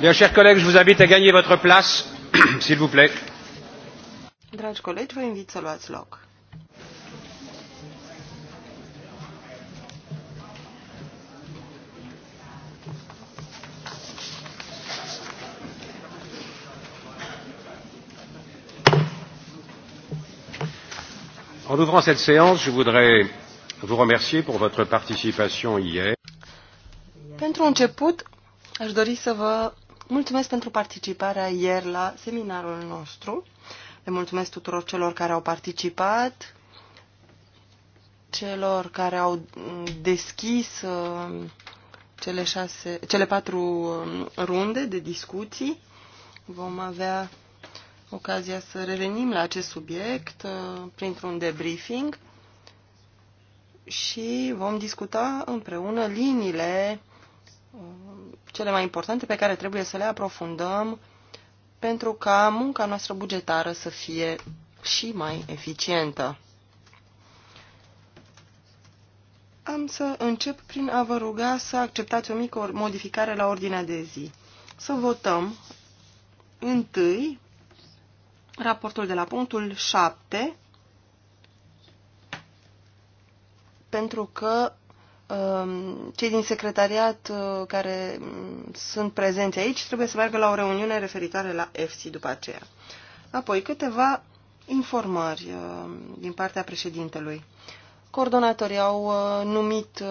Bien, chers collègues, je vous invite à gagner votre place, s'il vous plaît. Dragi colegi, vă invit să luați loc. En ouvrant cette séance, je voudrais vous remercier pour votre participation hier. Pentru început, aș dori să vă Mulțumesc pentru participarea ieri la seminarul nostru. Le mulțumesc tuturor celor care au participat, celor care au deschis uh, cele, șase, cele patru uh, runde de discuții. Vom avea ocazia să revenim la acest subiect uh, printr-un debriefing și vom discuta împreună liniile cele mai importante pe care trebuie să le aprofundăm pentru ca munca noastră bugetară să fie și mai eficientă. Am să încep prin a vă ruga să acceptați o mică modificare la ordinea de zi. Să votăm întâi raportul de la punctul 7, pentru că Um, cei din secretariat uh, care mm, sunt prezenți aici trebuie să meargă la o reuniune referitoare la EFSI după aceea. Apoi câteva informări uh, din partea președintelui. Coordonatorii au uh, numit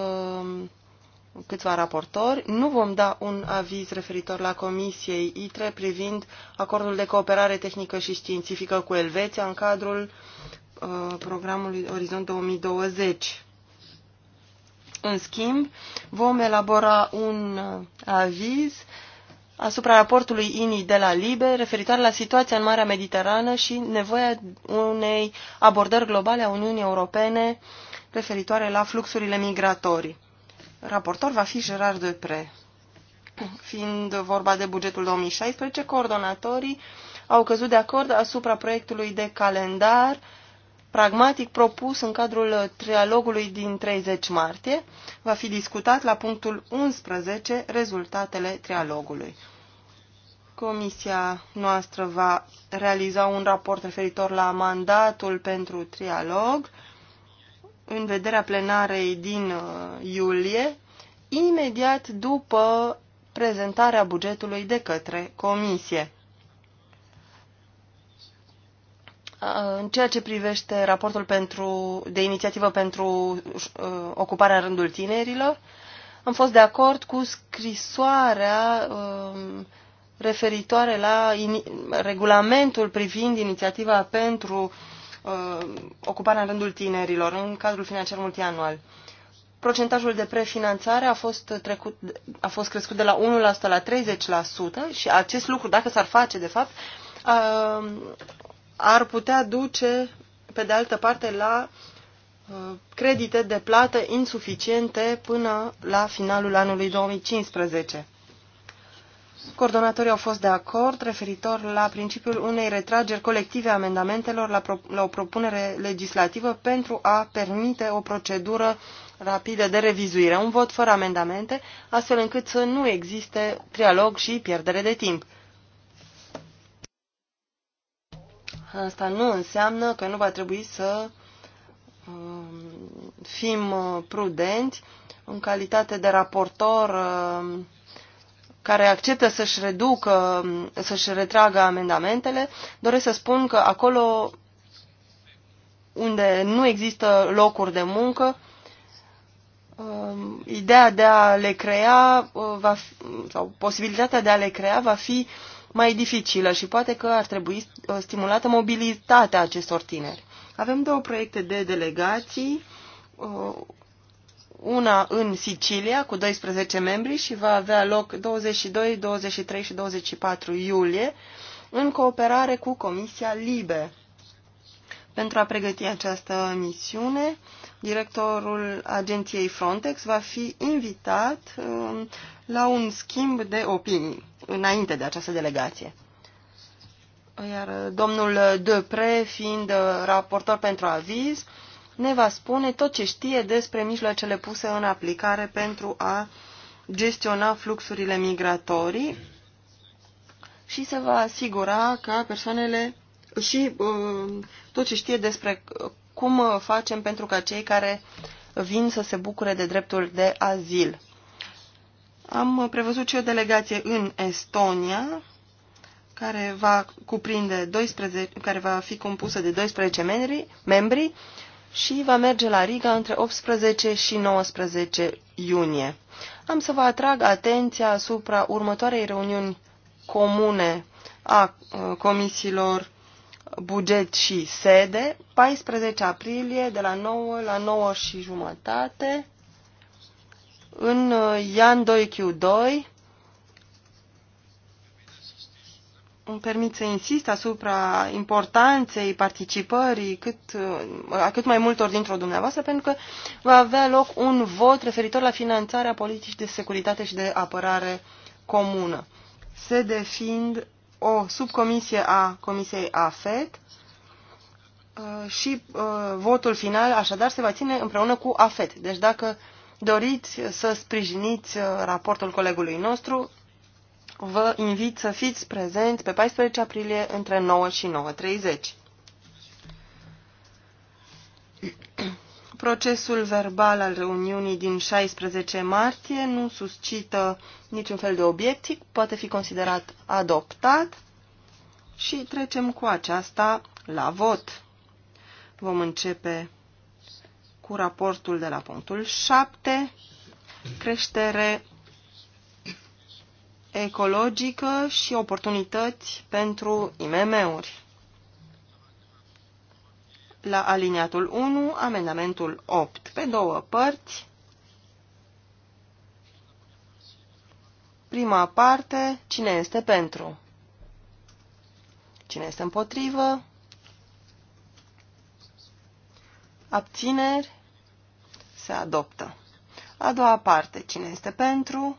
câțiva raportori. Nu vom da un aviz referitor la Comisiei ITRE privind acordul de cooperare tehnică și științifică cu Elveția în cadrul programului Orizont 2020 în schimb, vom elabora un uh, aviz asupra raportului INI de la LIBE referitor la situația în Marea Mediterană și nevoia unei abordări globale a Uniunii Europene referitoare la fluxurile migratorii. Raportor va fi Gerard Depre. Fiind vorba de bugetul 2016, coordonatorii au căzut de acord asupra proiectului de calendar uh, pragmatic propus în cadrul uh, trialogului din 30 martie. Va fi discutat la punctul 11 rezultatele trialogului. Comisia noastră va realiza un raport referitor la mandatul pentru trialog în vederea plenarei din uh, iulie, imediat după prezentarea bugetului de către Comisie. Uh, în ceea ce privește raportul pentru, de inițiativă pentru uh, ocuparea în rândul tinerilor, am fost de acord cu scrisoarea um, referitoare la regulamentul privind inițiativa pentru uh, ocuparea în rândul tinerilor în cadrul financiar multianual. Procentajul de prefinanțare a fost, trecut, a fost crescut de la 1% la 30% și acest lucru, dacă s-ar face, de fapt, ar putea duce, pe de altă parte, la uh, credite de plată insuficiente până la finalul anului 2015. Coordonatorii au fost de acord referitor la principiul unei retrageri colective a amendamentelor la, pro la o propunere legislativă pentru a permite o procedură rapidă de revizuire, un vot fără amendamente, astfel încât să nu existe trialog și pierdere de timp. Asta nu înseamnă că nu va trebui să um, fim uh, prudenți în calitate de raportor um, care acceptă să-și reducă, um, să-și retragă amendamentele, doresc să spun că acolo unde nu există locuri de muncă, ideea de a le crea uh, va fi, sau posibilitatea de a le crea va fi mai dificilă și poate că ar trebui uh, stimulată mobilitatea acestor tineri. Avem două proiecte de delegații, uh, una în Sicilia cu 12 membri și va avea loc 22, 23 și 24 iulie în cooperare cu Comisia Libe. Pentru a pregăti această misiune, directorul agenției Frontex va fi invitat uh, la un schimb de opinii înainte de această delegație. Iar domnul Depre, fiind raportor pentru aviz, ne va spune tot ce știe despre mijloacele puse în aplicare pentru a gestiona fluxurile migratorii și se va asigura că persoanele și uh, tot ce știe despre cum facem pentru ca cei care vin să se bucure de dreptul de azil. Am prevăzut și o delegație în Estonia, care va cuprinde 12, care va fi compusă de 12 membri, membri și va merge la Riga între 18 și 19 iunie. Am să vă atrag atenția asupra următoarei reuniuni comune a uh, comisiilor buget și sede, 14 aprilie de la 9 la 9 și jumătate în uh, Ian 2Q2 îmi permit să insist asupra importanței participării cât, uh, a cât mai multor dintre dumneavoastră, pentru că va avea loc un vot referitor la finanțarea politicii de securitate și de apărare comună. Se defind o subcomisie a Comisiei AFET uh, și votul final, așadar, se va ține împreună cu AFET. Deci dacă doriți să sprijiniți uh, raportul colegului nostru, vă invit să fiți prezenți pe 14 aprilie între 9 și 9.30. Procesul verbal al reuniunii din 16 martie nu suscită niciun fel de obiectiv, poate fi considerat adoptat și trecem cu aceasta la vot. Vom începe cu raportul de la punctul 7, creștere ecologică și oportunități pentru IMM-uri. La aliniatul 1, amendamentul 8, pe două părți, prima parte, cine este pentru, cine este împotrivă, abțineri, se adoptă. A doua parte, cine este pentru?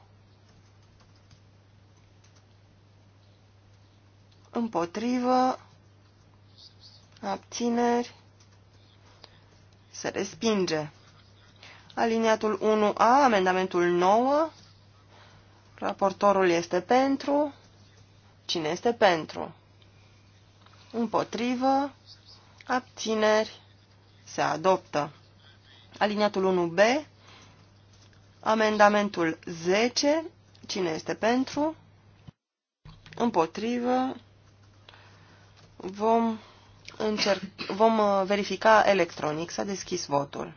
Împotrivă, abțineri, se respinge. Aliniatul 1A, amendamentul 9, raportorul este pentru, cine este pentru? Împotrivă, abțineri, se adoptă. Aliniatul 1B, amendamentul 10, cine este pentru, împotrivă, vom, încerc, vom uh, verifica electronic, s-a deschis votul.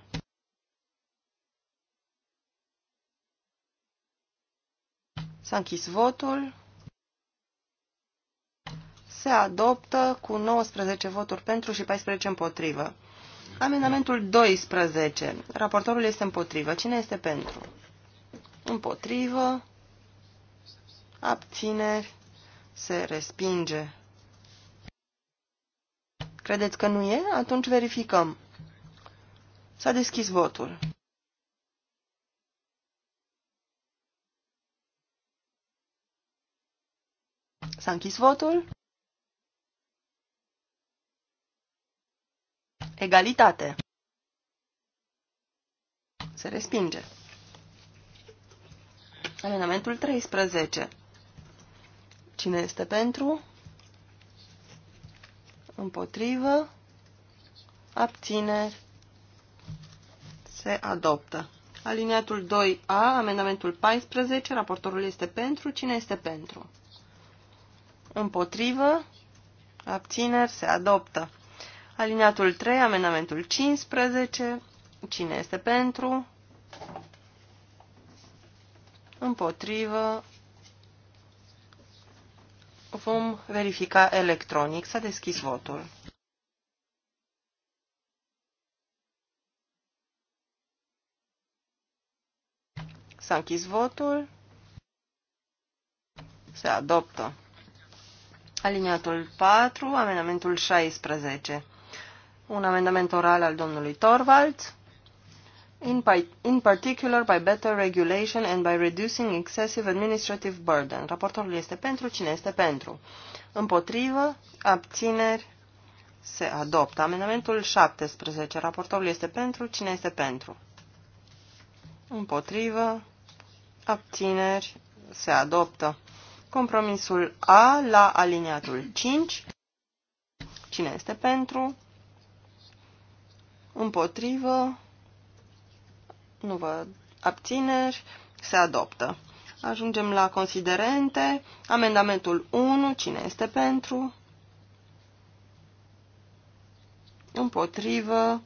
S-a închis votul. Se adoptă cu 19 voturi pentru și 14 împotrivă. Amendamentul 12. Raportorul este împotrivă. Cine este pentru? Împotrivă. Abțineri. Se respinge. Credeți că nu e? Atunci verificăm. S-a deschis votul. S-a închis votul. Egalitate. Se respinge. Amendamentul 13. Cine este pentru? Împotrivă. Abțineri. Se adoptă. Aliniatul 2A, amendamentul 14, raportorul este pentru. Cine este pentru? Împotrivă. Abțineri. Se adoptă. Alineatul 3, amendamentul 15. Cine este pentru? Împotrivă. Vom verifica electronic. S-a deschis votul. S-a închis votul. Se adoptă. Aliniatul 4, amendamentul 16 un amendament oral al domnului Torvald. In, by, in particular by better regulation and by reducing excessive administrative burden. Raportorul este pentru, cine este pentru? Împotrivă, abțineri, se adoptă. Amendamentul 17. Raportorul este pentru, cine este pentru? Împotrivă, abțineri, se adoptă. Compromisul A la aliniatul 5. Cine este pentru? împotrivă, nu văd, abțineri, se adoptă. Ajungem la considerente, amendamentul 1, cine este pentru, împotrivă,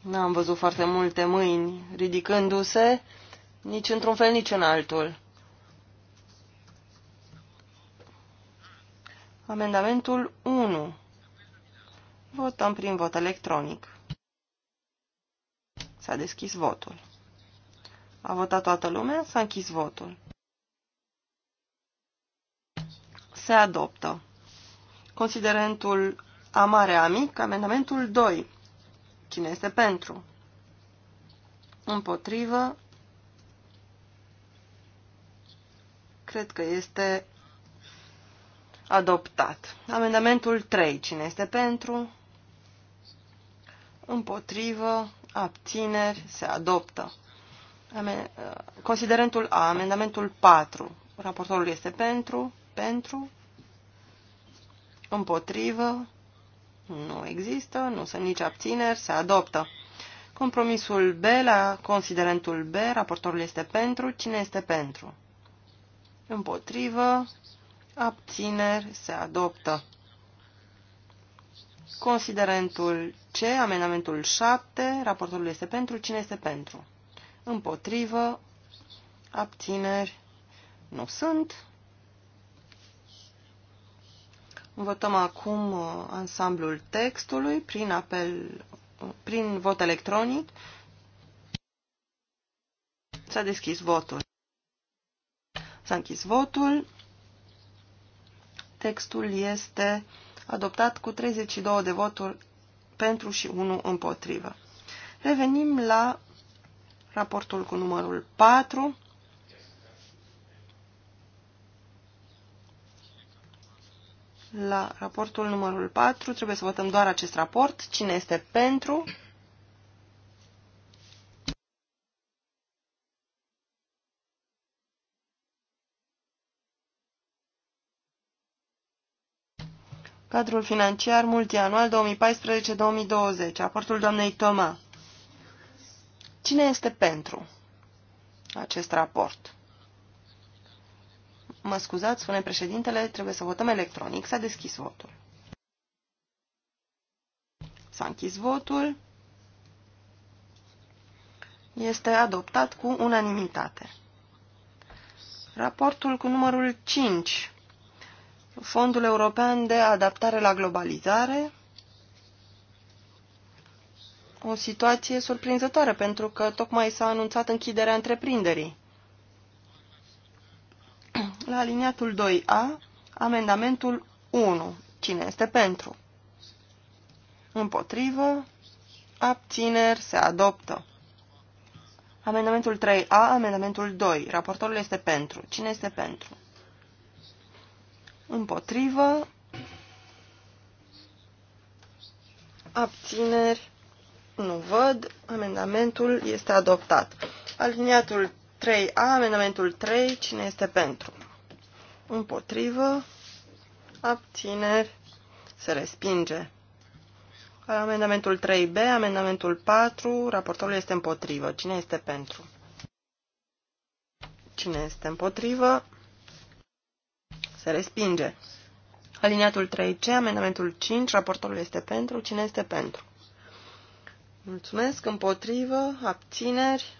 n-am văzut foarte multe mâini ridicându-se, nici într-un fel, nici în altul. Amendamentul 1. Votăm prin vot electronic. S-a deschis votul. A votat toată lumea, s-a închis votul. Se adoptă. Considerentul A mare A mic, amendamentul 2. Cine este pentru? Împotrivă. Cred că este adoptat. Amendamentul 3. Cine este pentru? împotrivă, abțineri, se adoptă. Considerentul A, amendamentul 4. Raportorul este pentru, pentru, împotrivă, nu există, nu sunt nici abțineri, se adoptă. Compromisul B la considerentul B, raportorul este pentru, cine este pentru? Împotrivă, abțineri, se adoptă. Considerentul C, amendamentul 7, raportorul este pentru, cine este pentru? Împotrivă, abțineri, nu sunt. Votăm acum uh, ansamblul textului prin apel, uh, prin vot electronic. S-a deschis votul. S-a închis votul. Textul este adoptat cu 32 de voturi pentru și unul împotrivă. Revenim la raportul cu numărul 4. La raportul numărul 4 trebuie să votăm doar acest raport. Cine este pentru? Cadrul financiar multianual 2014-2020. Aportul doamnei Toma. Cine este pentru acest raport? Mă scuzați, spune președintele, trebuie să votăm electronic. S-a deschis votul. S-a închis votul. Este adoptat cu unanimitate. Raportul cu numărul 5 Fondul European de Adaptare la Globalizare, o situație surprinzătoare, pentru că tocmai s-a anunțat închiderea întreprinderii. La aliniatul 2A, amendamentul 1. Cine este pentru? Împotrivă. Abțineri. Se adoptă. Amendamentul 3A, amendamentul 2. Raportorul este pentru. Cine este pentru? împotrivă, abțineri, nu văd, amendamentul este adoptat. Aliniatul 3A, amendamentul 3, cine este pentru? Împotrivă, abțineri, se respinge. Amendamentul 3B, amendamentul 4, raportorul este împotrivă. Cine este pentru? Cine este împotrivă? Se respinge. Aliniatul 3C, amendamentul 5, raportorul este pentru. Cine este pentru? Mulțumesc. Împotrivă. Abțineri.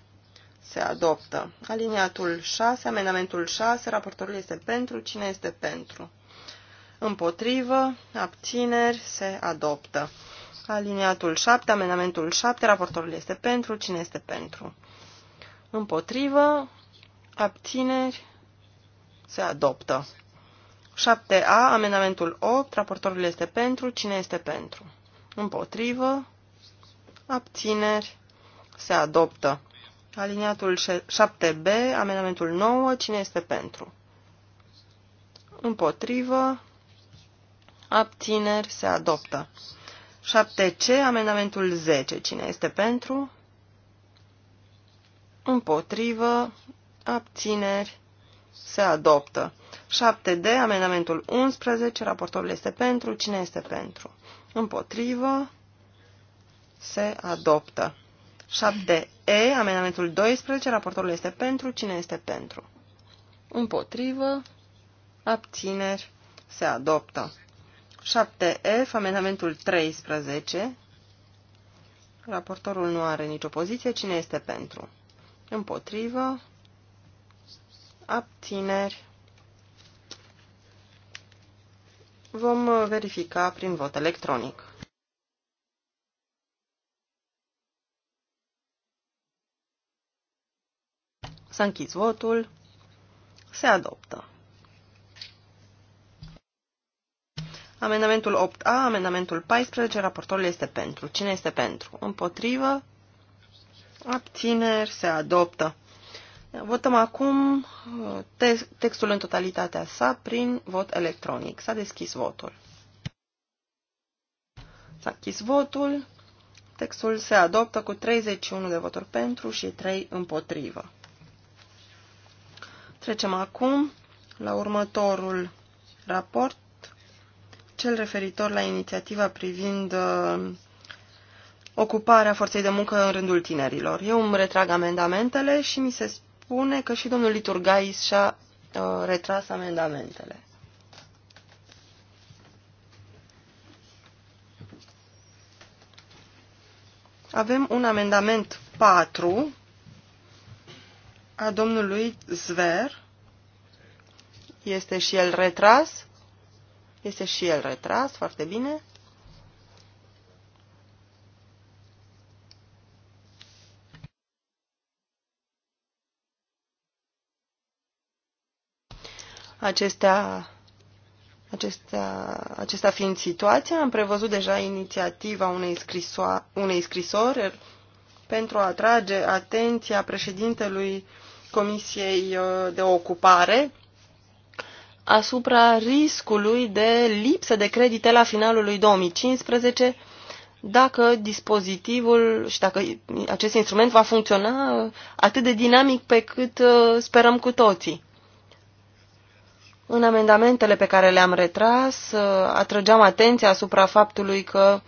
Se adoptă. Aliniatul 6, amendamentul 6, raportorul este pentru. Cine este pentru? Împotrivă. Abțineri. Se adoptă. Aliniatul 7, amendamentul 7, raportorul este pentru. Cine este pentru? Împotrivă. Abțineri. Se adoptă. 7A, amendamentul 8, raportorul este pentru, cine este pentru? Împotrivă, abțineri, se adoptă. Aliniatul 7B, amendamentul 9, cine este pentru? Împotrivă, abțineri, se adoptă. 7C, amendamentul 10, cine este pentru? Împotrivă, abțineri, se adoptă. 7D, amendamentul 11, raportorul este pentru, cine este pentru? Împotrivă, se adoptă. 7E, amendamentul 12, raportorul este pentru, cine este pentru? Împotrivă, abțineri, se adoptă. 7F, amendamentul 13, raportorul nu are nicio poziție, cine este pentru? Împotrivă, abțineri, Vom uh, verifica prin vot electronic. S-a închis votul. Se adoptă. Amendamentul 8A, amendamentul 14, raportorul este pentru. Cine este pentru? Împotrivă? Abțineri se adoptă. Votăm acum uh, te textul în totalitatea sa prin vot electronic. S-a deschis votul. S-a închis votul. Textul se adoptă cu 31 de voturi pentru și 3 împotrivă. Trecem acum la următorul raport, cel referitor la inițiativa privind uh, ocuparea forței de muncă în rândul tinerilor. Eu îmi retrag amendamentele și mi se spune spune că și domnul Liturgais și-a uh, retras amendamentele. Avem un amendament 4 a domnului Zver. Este și el retras. Este și el retras, foarte bine. Acestea, acestea, acesta fiind situația, am prevăzut deja inițiativa unei, scrisoa, unei scrisori pentru a atrage atenția președintelui Comisiei uh, de Ocupare asupra riscului de lipsă de credite la finalul lui 2015 dacă dispozitivul și dacă acest instrument va funcționa atât de dinamic pe cât uh, sperăm cu toții. În amendamentele pe care le-am retras, uh, atrăgeam atenția asupra faptului că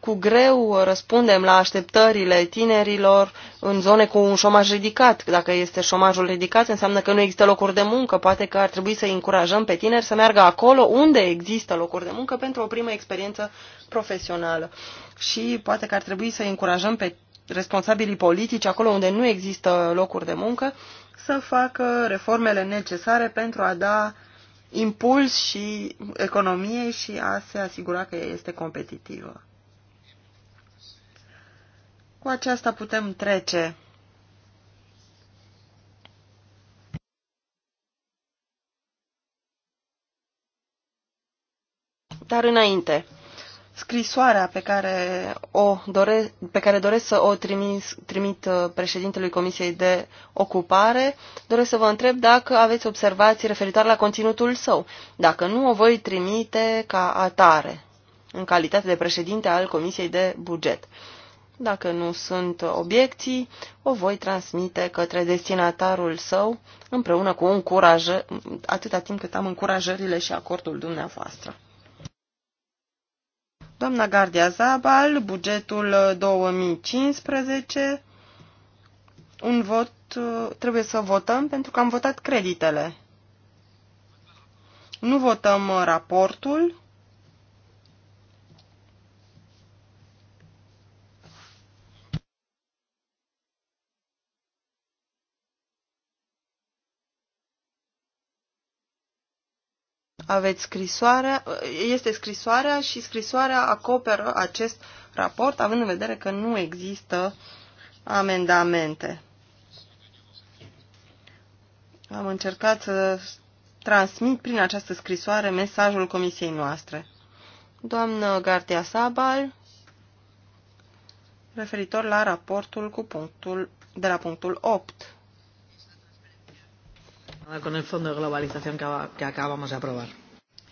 cu greu răspundem la așteptările tinerilor în zone cu un șomaj ridicat. Dacă este șomajul ridicat, înseamnă că nu există locuri de muncă. Poate că ar trebui să încurajăm pe tineri să meargă acolo unde există locuri de muncă pentru o primă experiență profesională. Și poate că ar trebui să încurajăm pe responsabilii politici, acolo unde nu există locuri de muncă, să facă reformele necesare pentru a da impuls și economiei și a se asigura că ea este competitivă. Cu aceasta putem trece Dar înainte, Scrisoarea pe care, o dore, pe care doresc să o trimis, trimit uh, președintelui Comisiei de Ocupare, doresc să vă întreb dacă aveți observații referitoare la conținutul său. Dacă nu, o voi trimite ca atare, în calitate de președinte al Comisiei de Buget. Dacă nu sunt obiecții, o voi transmite către destinatarul său împreună cu un curaj, atâta timp cât am încurajările și acordul dumneavoastră. Doamna Gardia Zabal, bugetul 2015, uh, un vot, uh, trebuie să votăm pentru că am votat creditele. Nu votăm uh, raportul, aveți scrisoarea, este scrisoarea și scrisoarea acoperă acest raport, având în vedere că nu există amendamente. Am încercat să transmit prin această scrisoare mesajul comisiei noastre. Doamnă Gartia Sabal, referitor la raportul cu punctul, de la punctul 8 con el Fondo de Globalización que, acabamos de aprobar.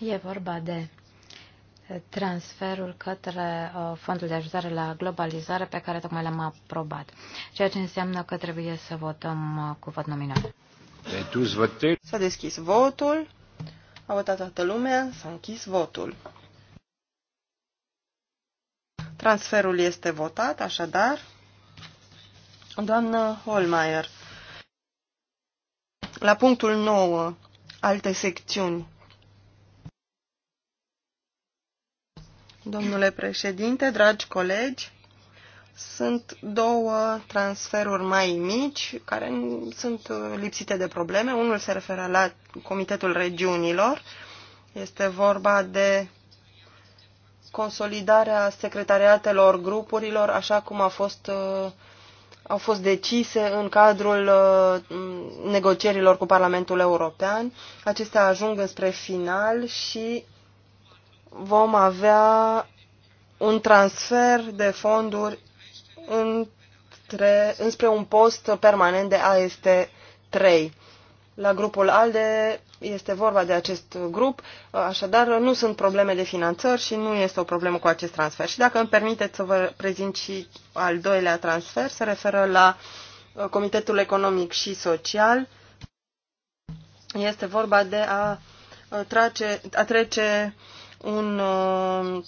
E vorba de transferul către uh, fondul de ajutare la globalizare pe care tocmai l-am aprobat, ceea ce înseamnă că trebuie să votăm uh, cu vot nominal. S-a deschis votul, a votat toată lumea, s-a închis votul. Transferul este votat, așadar, doamnă Holmeier, la punctul 9, alte secțiuni, Domnule președinte, dragi colegi, sunt două transferuri mai mici care sunt lipsite de probleme. Unul se referă la Comitetul Regiunilor. Este vorba de consolidarea secretariatelor grupurilor, așa cum a fost, au fost decise în cadrul uh, negocierilor cu Parlamentul European. Acestea ajung spre final și vom avea un transfer de fonduri între, înspre un post permanent de AST3. La grupul ALDE este vorba de acest grup, așadar nu sunt probleme de finanțări și nu este o problemă cu acest transfer. Și dacă îmi permiteți să vă prezint și al doilea transfer, se referă la uh, Comitetul Economic și Social. Este vorba de a, uh, trace, a trece un, uh,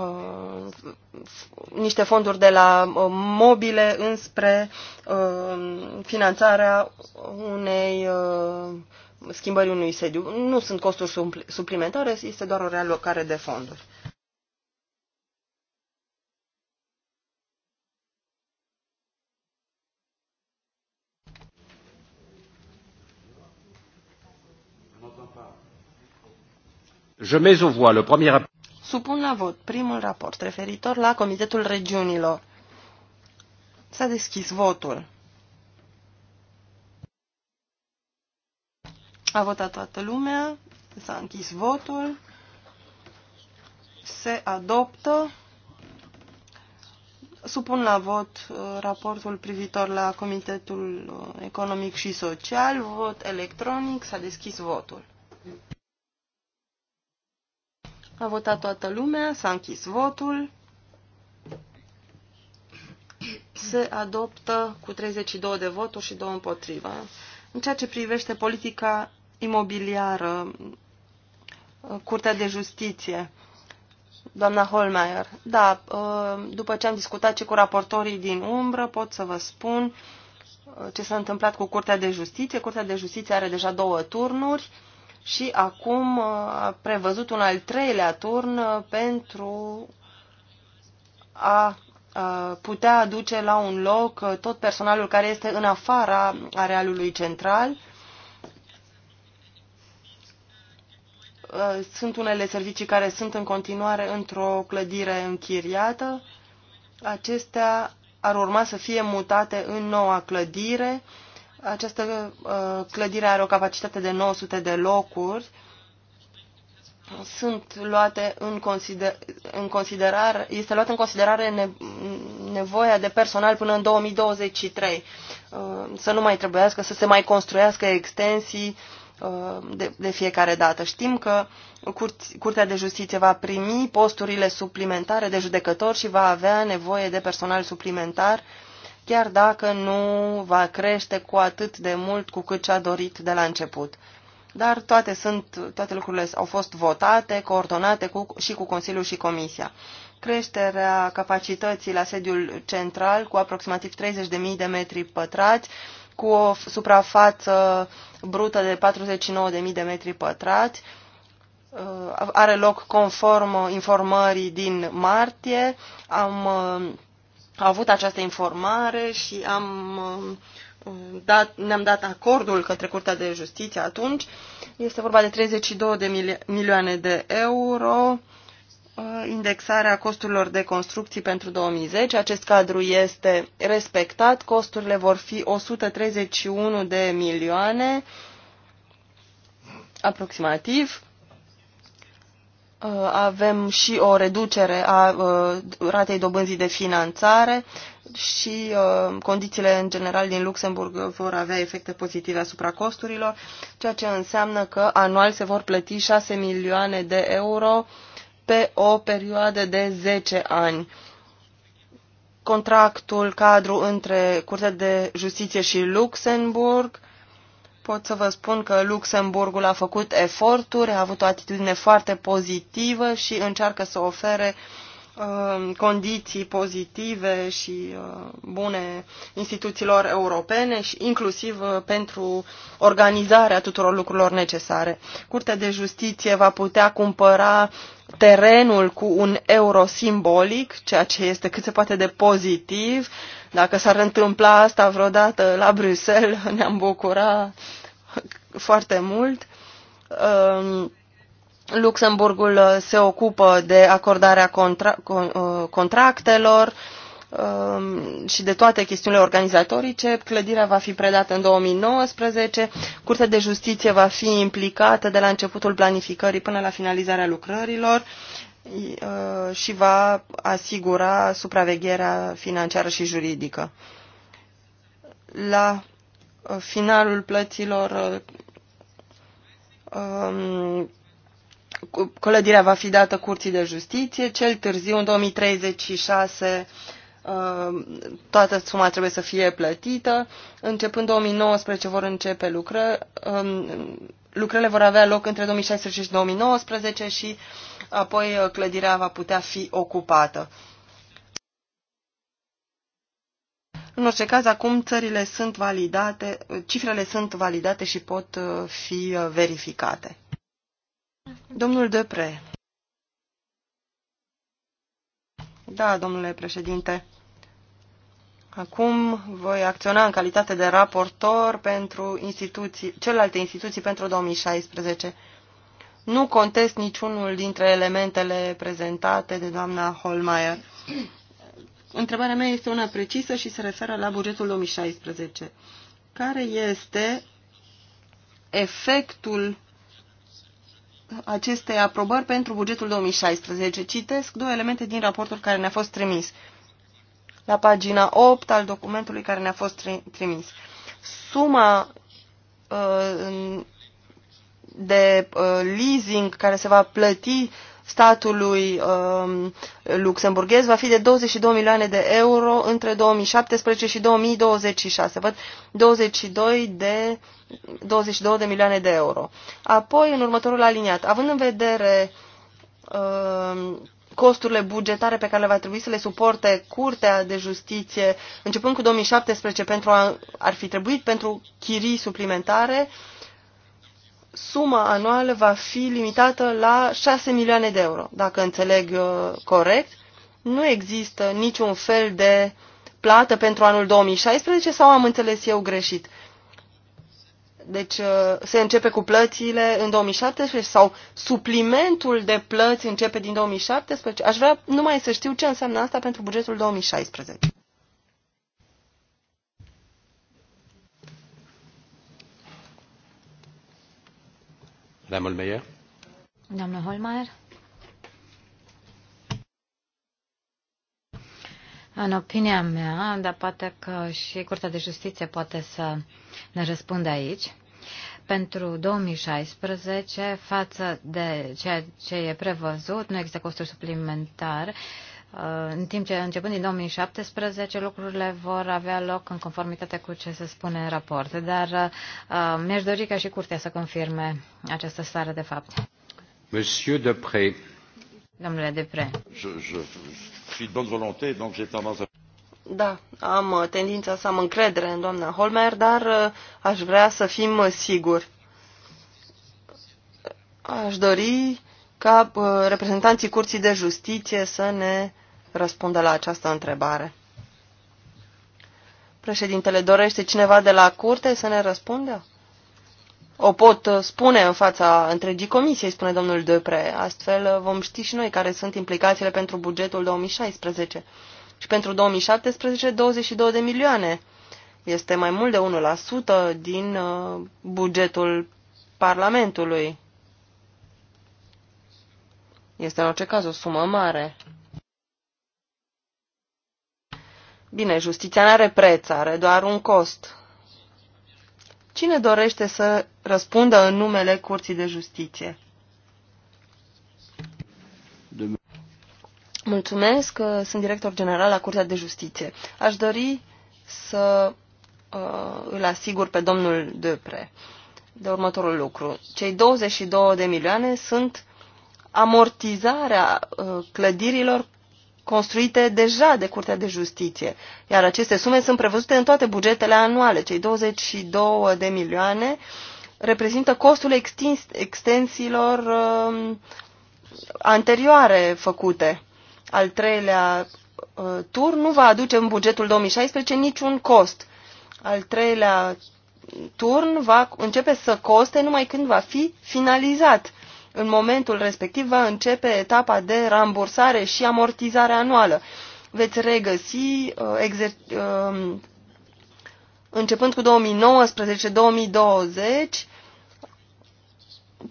uh, niște fonduri de la uh, mobile înspre uh, finanțarea unei uh, schimbări unui sediu. Nu sunt costuri suplimentare, este doar o realocare de fonduri. Je mets au voie le premier rapport. Supun la vot primul raport referitor la Comitetul Regiunilor. S-a deschis votul. A votat toată lumea, s-a închis votul, se adoptă. Supun la vot uh, raportul privitor la Comitetul uh, Economic și Social, vot electronic, s-a deschis votul. A votat toată lumea, s-a închis votul. Se adoptă cu 32 de voturi și 2 împotriva. În ceea ce privește politica imobiliară, Curtea de Justiție, doamna Holmeier, da, ă, după ce am discutat și cu raportorii din umbră, pot să vă spun ă, ce s-a întâmplat cu Curtea de Justiție. Curtea de Justiție are deja două turnuri și acum uh, a prevăzut un al treilea turn uh, pentru a uh, putea aduce la un loc tot personalul care este în afara arealului central. Sunt unele servicii care sunt în continuare într-o clădire închiriată. Acestea ar urma să fie mutate în noua clădire această uh, clădire are o capacitate de 900 de locuri. Sunt luate în, consider, în considerare, este luată în considerare nevoia de personal până în 2023. Uh, să nu mai trebuiască să se mai construiască extensii uh, de, de fiecare dată. Știm că Curți, Curtea de Justiție va primi posturile suplimentare de judecători și va avea nevoie de personal suplimentar uh, chiar dacă nu va crește cu atât de mult cu cât ce-a dorit de la început. Dar toate, sunt, toate lucrurile au fost votate, coordonate cu, și cu Consiliul și Comisia. Creșterea capacității la sediul central cu aproximativ 30.000 de metri pătrați, cu o suprafață brută de 49.000 de metri pătrați, uh, are loc conform informării din martie. Am uh, au avut această informare și am uh, dat, ne-am dat acordul către Curtea de Justiție atunci. Este vorba de 32 de milioane de euro, uh, indexarea costurilor de construcții pentru 2010. Acest cadru este respectat, costurile vor fi 131 de milioane aproximativ Uh, avem și o reducere a uh, ratei dobânzii de finanțare și uh, condițiile în general din Luxemburg vor avea efecte pozitive asupra costurilor, ceea ce înseamnă că anual se vor plăti 6 milioane de euro pe o perioadă de 10 ani. Contractul cadru între Curtea de Justiție și Luxemburg Pot să vă spun că Luxemburgul a făcut eforturi, a avut o atitudine foarte pozitivă și încearcă să ofere uh, condiții pozitive și uh, bune instituțiilor europene și inclusiv uh, pentru organizarea tuturor lucrurilor necesare. Curtea de Justiție va putea cumpăra terenul cu un euro simbolic, ceea ce este cât se poate de pozitiv, dacă s-ar întâmpla asta vreodată la Bruxelles, ne-am bucura foarte mult. Um, Luxemburgul se ocupă de acordarea contra uh, contractelor um, și de toate chestiunile organizatorice. Clădirea va fi predată în 2019. Curtea de Justiție va fi implicată de la începutul planificării până la finalizarea lucrărilor Uh, și va asigura supravegherea financiară și juridică. La uh, finalul plăților uh, um, clădirea va fi dată Curții de Justiție, cel târziu în 2036 toată suma trebuie să fie plătită. Începând 2019 vor începe lucră, um, lucrările vor avea loc între 2016 și 2019 și apoi uh, clădirea va putea fi ocupată. În orice caz, acum țările sunt validate, uh, cifrele sunt validate și pot uh, fi verificate. Domnul Depre. Da, domnule președinte. Acum voi acționa în calitate de raportor pentru instituții, celelalte instituții pentru 2016. Nu contest niciunul dintre elementele prezentate de doamna Holmeier. Întrebarea mea este una precisă și se referă la bugetul 2016. Care este efectul acestei aprobări pentru bugetul 2016? Citesc două elemente din raportul care ne-a fost trimis. La pagina 8 al documentului care ne-a fost trimis. Suma uh, de uh, leasing care se va plăti statului um, luxemburghez va fi de 22 milioane de euro între 2017 și 2026. Văd 22 de, 22 de milioane de euro. Apoi, în următorul aliniat, având în vedere um, costurile bugetare pe care le va trebui să le suporte Curtea de Justiție, începând cu 2017, pentru a, ar fi trebuit pentru chirii suplimentare, uh, suma anuală va fi limitată la 6 milioane de euro. Dacă înțeleg uh, corect, nu există niciun fel de plată pentru anul 2016 sau am înțeles eu greșit? Deci uh, se începe cu plățile în 2017 sau suplimentul de plăți începe din 2017? Aș vrea numai să știu ce înseamnă asta pentru bugetul 2016. Doamnă Holmeier. În opinia mea, dar poate că și Curtea de Justiție poate să ne răspundă aici, pentru 2016, față de ceea ce e prevăzut, nu există costuri suplimentare Uh, în timp ce începând din 2017 lucrurile vor avea loc în conformitate cu ce se spune în raport. Dar uh, uh, mi-aș dori ca și Curtea să confirme această stare de fapt. Monsieur Depré. Domnule Depré. Je, je, je, de bonne volonté, donc j'ai tendance à... Da, am tendința să am încredere în doamna Holmer, dar aș vrea să fim siguri. Aș dori ca reprezentanții Curții de Justiție să ne răspundă la această întrebare. Președintele, dorește cineva de la curte să ne răspundă? O pot spune în fața întregii comisiei, spune domnul Depre. Astfel vom ști și noi care sunt implicațiile pentru bugetul 2016. Și pentru 2017, 22 de milioane. Este mai mult de 1% din uh, bugetul Parlamentului. Este în orice caz o sumă mare. Bine, justiția nu are preț, are doar un cost. Cine dorește să răspundă în numele Curții de Justiție? Mulțumesc, uh, sunt director general la Curtea de Justiție. Aș dori să uh, îl asigur pe domnul Depre de următorul lucru. Cei 22 de milioane sunt amortizarea uh, clădirilor construite deja de Curtea de Justiție, iar aceste sume sunt prevăzute în toate bugetele anuale. Cei 22 de milioane reprezintă costul extins, extensiilor uh, anterioare făcute. Al treilea uh, tur nu va aduce în bugetul 2016 niciun cost. Al treilea turn va începe să coste numai când va fi finalizat în momentul respectiv va începe etapa de rambursare și amortizare anuală. Veți regăsi uh, uh, începând cu 2019-2020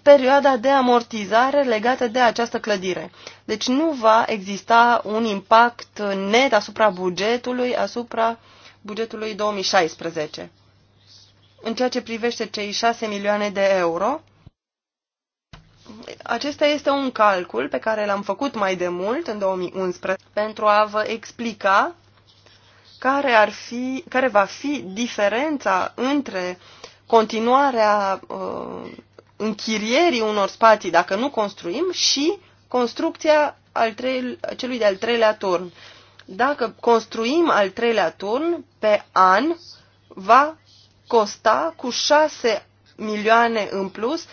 perioada de amortizare legată de această clădire. Deci nu va exista un impact net asupra bugetului, asupra bugetului 2016. În ceea ce privește cei 6 milioane de euro, acesta este un calcul pe care l-am făcut mai de mult, în 2011, pentru a vă explica care, ar fi, care va fi diferența între continuarea uh, închirierii unor spații, dacă nu construim, și construcția al trei, celui de-al treilea turn. Dacă construim al treilea turn pe an, va costa cu 6 milioane în plus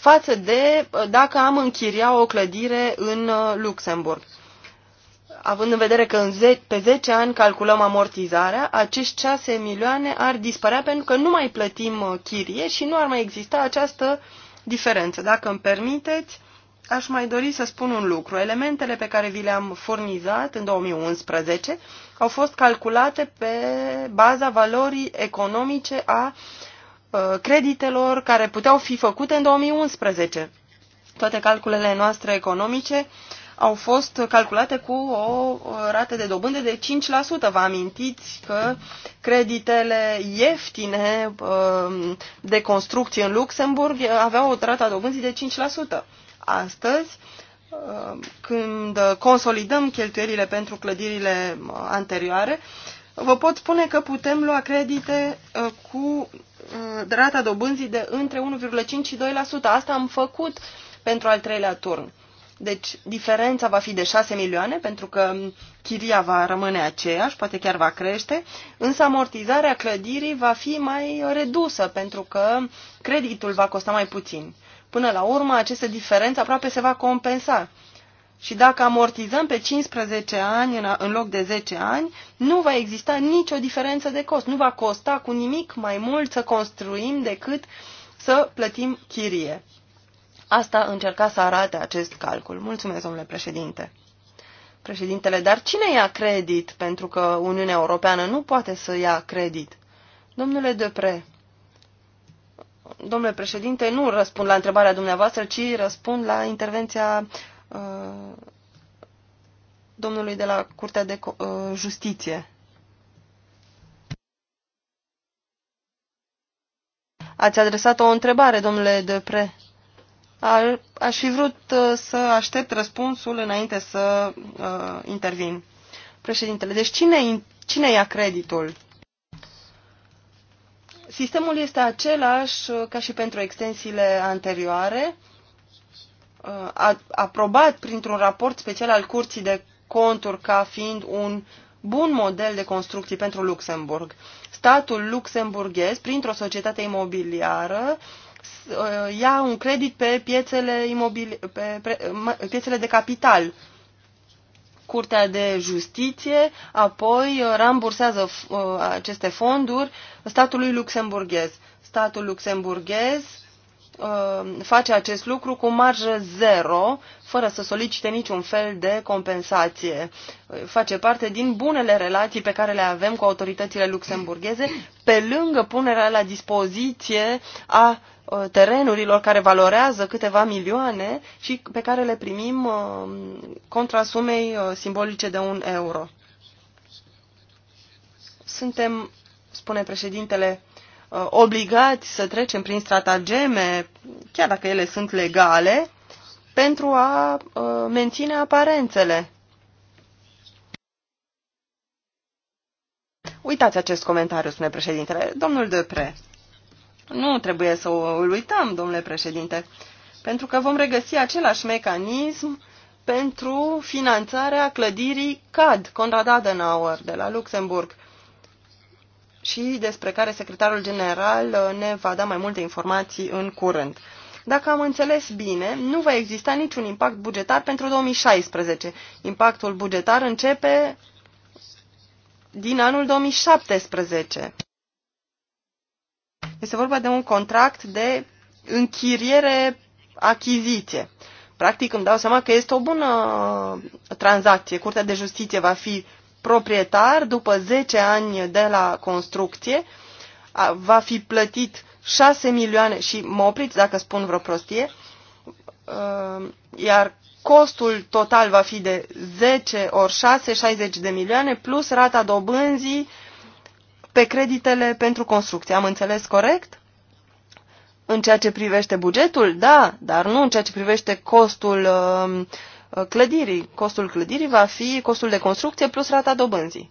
față de uh, dacă am închiria o clădire în uh, Luxemburg. Având în vedere că în ze- pe 10 ani calculăm amortizarea, acești 6 milioane ar dispărea pentru că nu mai plătim uh, chirie și nu ar mai exista această diferență. Dacă îmi permiteți, aș mai dori să spun un lucru. Elementele pe care vi le-am furnizat în 2011 au fost calculate pe baza valorii economice a uh, Uh, creditelor care puteau fi făcute în 2011. Toate calculele noastre economice au fost calculate cu o rată de dobândă de 5%. Vă amintiți că creditele ieftine uh, de construcție în Luxemburg aveau o rată a dobânzii de 5%. Astăzi, uh, când consolidăm cheltuielile pentru clădirile anterioare, vă pot spune că putem lua credite uh, cu uh, rata dobânzii de între 1,5 și 2%. Asta am făcut pentru al treilea turn. Deci diferența va fi de 6 milioane pentru că um, chiria va rămâne aceeași, poate chiar va crește, însă amortizarea clădirii va fi mai redusă pentru că creditul va costa mai puțin. Până la urmă, această diferență aproape se va compensa. Și dacă amortizăm pe 15 ani în loc de 10 ani, nu va exista nicio diferență de cost. Nu va costa cu nimic mai mult să construim decât să plătim chirie. Asta încerca să arate acest calcul. Mulțumesc, domnule președinte. Președintele, dar cine ia credit? Pentru că Uniunea Europeană nu poate să ia credit. Domnule Depre, domnule președinte, nu răspund la întrebarea dumneavoastră, ci răspund la intervenția Uh, domnului de la Curtea de uh, Justiție. Ați adresat o întrebare, domnule Depre. aș fi vrut uh, să aștept răspunsul înainte să uh, intervin. Președintele, deci cine, cine ia creditul? Sistemul este același ca și pentru extensiile anterioare a, aprobat printr-un raport special al Curții de Conturi ca fiind un bun model de construcții pentru Luxemburg. Statul luxemburghez, printr-o societate imobiliară, ia un credit pe piețele, imobili- pe pre- piețele de capital. Curtea de Justiție, apoi rambursează uh, aceste fonduri statului luxemburghez. Statul luxemburghez Uh, face acest lucru cu marjă zero, fără să solicite niciun fel de compensație. Face parte din bunele relații pe care le avem cu autoritățile luxemburgheze, pe lângă punerea la dispoziție a uh, terenurilor care valorează câteva milioane și pe care le primim uh, contra sumei simbolice de un euro. Suntem, spune președintele, Uh, obligați să trecem prin stratageme, chiar dacă ele sunt legale, pentru a uh, menține aparențele. Uitați acest comentariu, spune președintele. Domnul Depre, nu trebuie să îl uităm, domnule președinte, pentru că vom regăsi același mecanism pentru finanțarea clădirii CAD, Conrad Adenauer, de la Luxemburg și despre care secretarul general uh, ne va da mai multe informații în curând. Dacă am înțeles bine, nu va exista niciun impact bugetar pentru 2016. Impactul bugetar începe din anul 2017. Este vorba de un contract de închiriere-achiziție. Practic îmi dau seama că este o bună uh, tranzacție. Curtea de Justiție va fi proprietar, după 10 ani de la construcție, va fi plătit 6 milioane și mă opriți dacă spun vreo prostie, iar costul total va fi de 10 ori 6, 60 de milioane, plus rata dobânzii pe creditele pentru construcție. Am înțeles corect? În ceea ce privește bugetul, da, dar nu în ceea ce privește costul Uh, clădirii. Costul clădirii va fi costul de construcție plus rata dobânzii.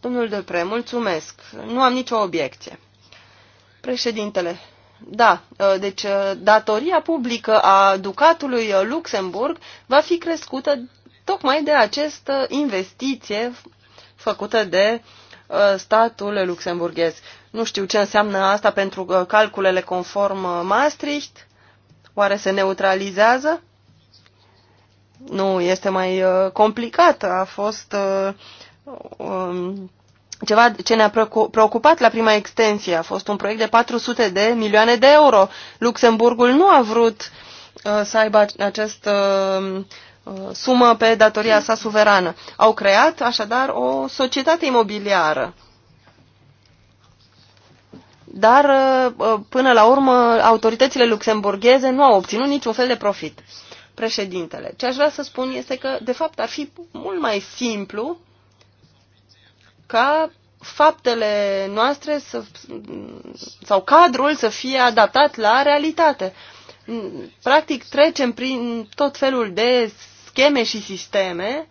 Domnul Depre, mulțumesc. Nu am nicio obiecție. Președintele, da, uh, deci uh, datoria publică a Ducatului Luxemburg va fi crescută tocmai de această investiție făcută de statul luxemburghez. Nu știu ce înseamnă asta pentru calculele conform Maastricht. Oare se neutralizează? nu este mai uh, complicat. A fost uh, um, ceva ce ne-a preocupat la prima extensie. A fost un proiect de 400 de milioane de euro. Luxemburgul nu a vrut uh, să aibă această sumă pe datoria sa suverană. Au creat așadar o societate imobiliară. Dar, până la urmă, autoritățile luxemburgheze nu au obținut niciun fel de profit președintele. Ce aș vrea să spun este că, de fapt, ar fi mult mai simplu ca faptele noastre să, sau cadrul să fie adaptat la realitate. Practic trecem prin tot felul de scheme și sisteme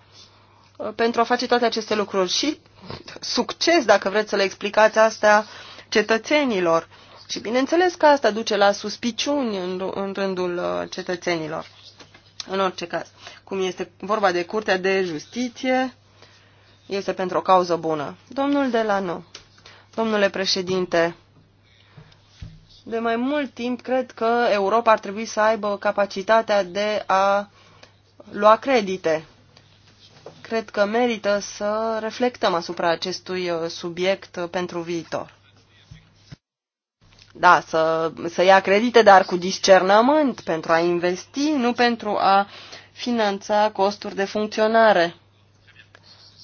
uh, pentru a face toate aceste lucruri și succes, dacă vreți să le explicați astea cetățenilor. Și bineînțeles că asta duce la suspiciuni în, în rândul uh, cetățenilor. În orice caz, cum este vorba de Curtea de Justiție, este pentru o cauză bună. Domnul de la Delano, domnule președinte, de mai mult timp cred că Europa ar trebui să aibă capacitatea de a lua credite. Cred că merită să reflectăm asupra acestui uh, subiect uh, pentru viitor da, să, să ia credite, dar cu discernământ pentru a investi, nu pentru a finanța costuri de funcționare.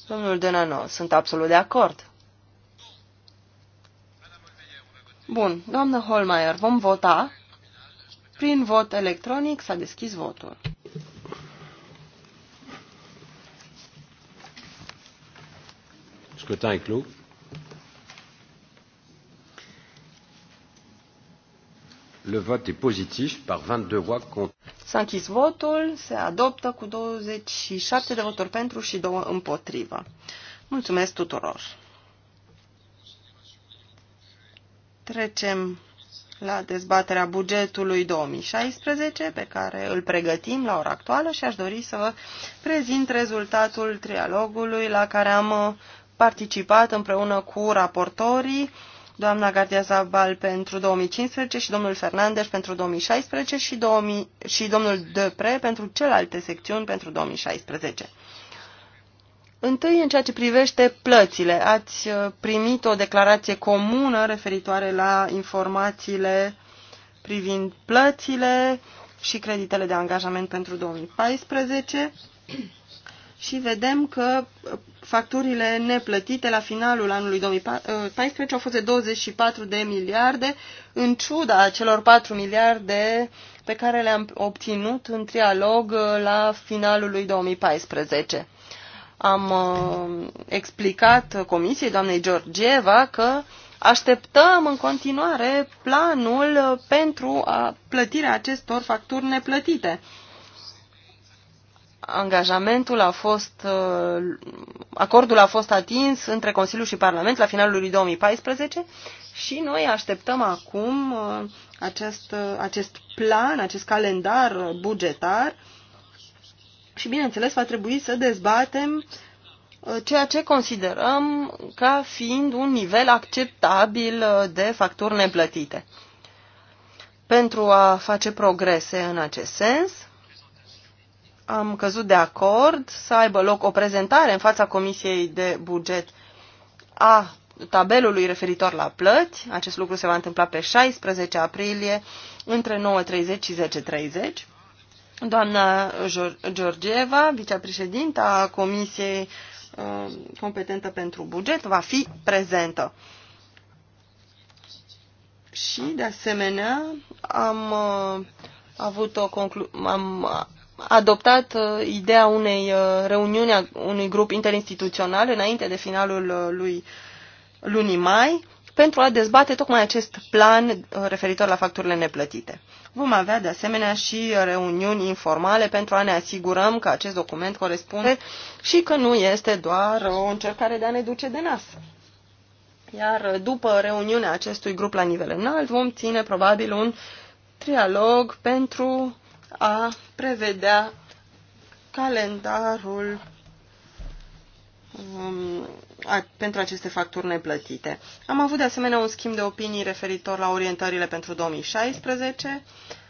Domnul Denano, sunt absolut de acord. Bun, doamnă Holmeier, vom vota. Prin vot electronic s-a deschis votul. Scrutin clos. Le vote est positif par 22 voix contre. S-a votul, se adoptă cu 27 de voturi pentru și 2 împotrivă. Mulțumesc tuturor! Trecem la dezbaterea bugetului 2016 pe care îl pregătim la ora actuală și aș dori să vă prezint rezultatul trialogului la care am uh, participat împreună cu raportorii doamna Gardia Zabal pentru 2015 și domnul Fernandez pentru 2016 și, 2000, și domnul Depre pentru celelalte secțiuni pentru 2016. Întâi, în ceea ce privește plățile, ați uh, primit o declarație comună referitoare la informațiile privind plățile și creditele de angajament pentru 2014 și vedem că uh, facturile neplătite la finalul anului 2014 uh, au fost de 24 de miliarde, în ciuda celor 4 miliarde pe care le-am obținut în trialog uh, la finalul lui 2014. Am explicat comisiei doamnei Georgieva că așteptăm în continuare planul pentru plătirea acestor facturi neplătite angajamentul a fost, uh, acordul a fost atins între Consiliu și Parlament la finalul lui 2014 și noi așteptăm acum uh, acest, uh, acest plan, acest calendar bugetar și, bineînțeles, va trebui să dezbatem ceea ce considerăm ca fiind un nivel acceptabil de facturi neplătite. Pentru a face progrese în acest sens, am căzut de acord să aibă loc o prezentare în fața Comisiei de Buget a tabelului referitor la plăți. Acest lucru se va întâmpla pe 16 aprilie între 9.30 și 10.30. Doamna Georgieva, vicepreședinta a Comisiei uh, competentă pentru buget, va fi prezentă. Și, de asemenea, am uh, avut o conclu- am adoptat uh, ideea unei uh, reuniuni a unui grup interinstituțional înainte de finalul uh, lui lunii mai pentru a dezbate tocmai acest plan uh, referitor la facturile neplătite. Vom avea de asemenea și reuniuni informale pentru a ne asigurăm că acest document corespunde și că nu este doar o încercare de a ne duce de nas. Iar uh, după reuniunea acestui grup la nivel înalt vom ține probabil un trialog pentru a prevedea calendarul um, a, pentru aceste facturi neplătite. Am avut de asemenea un schimb de opinii referitor la orientările pentru 2016.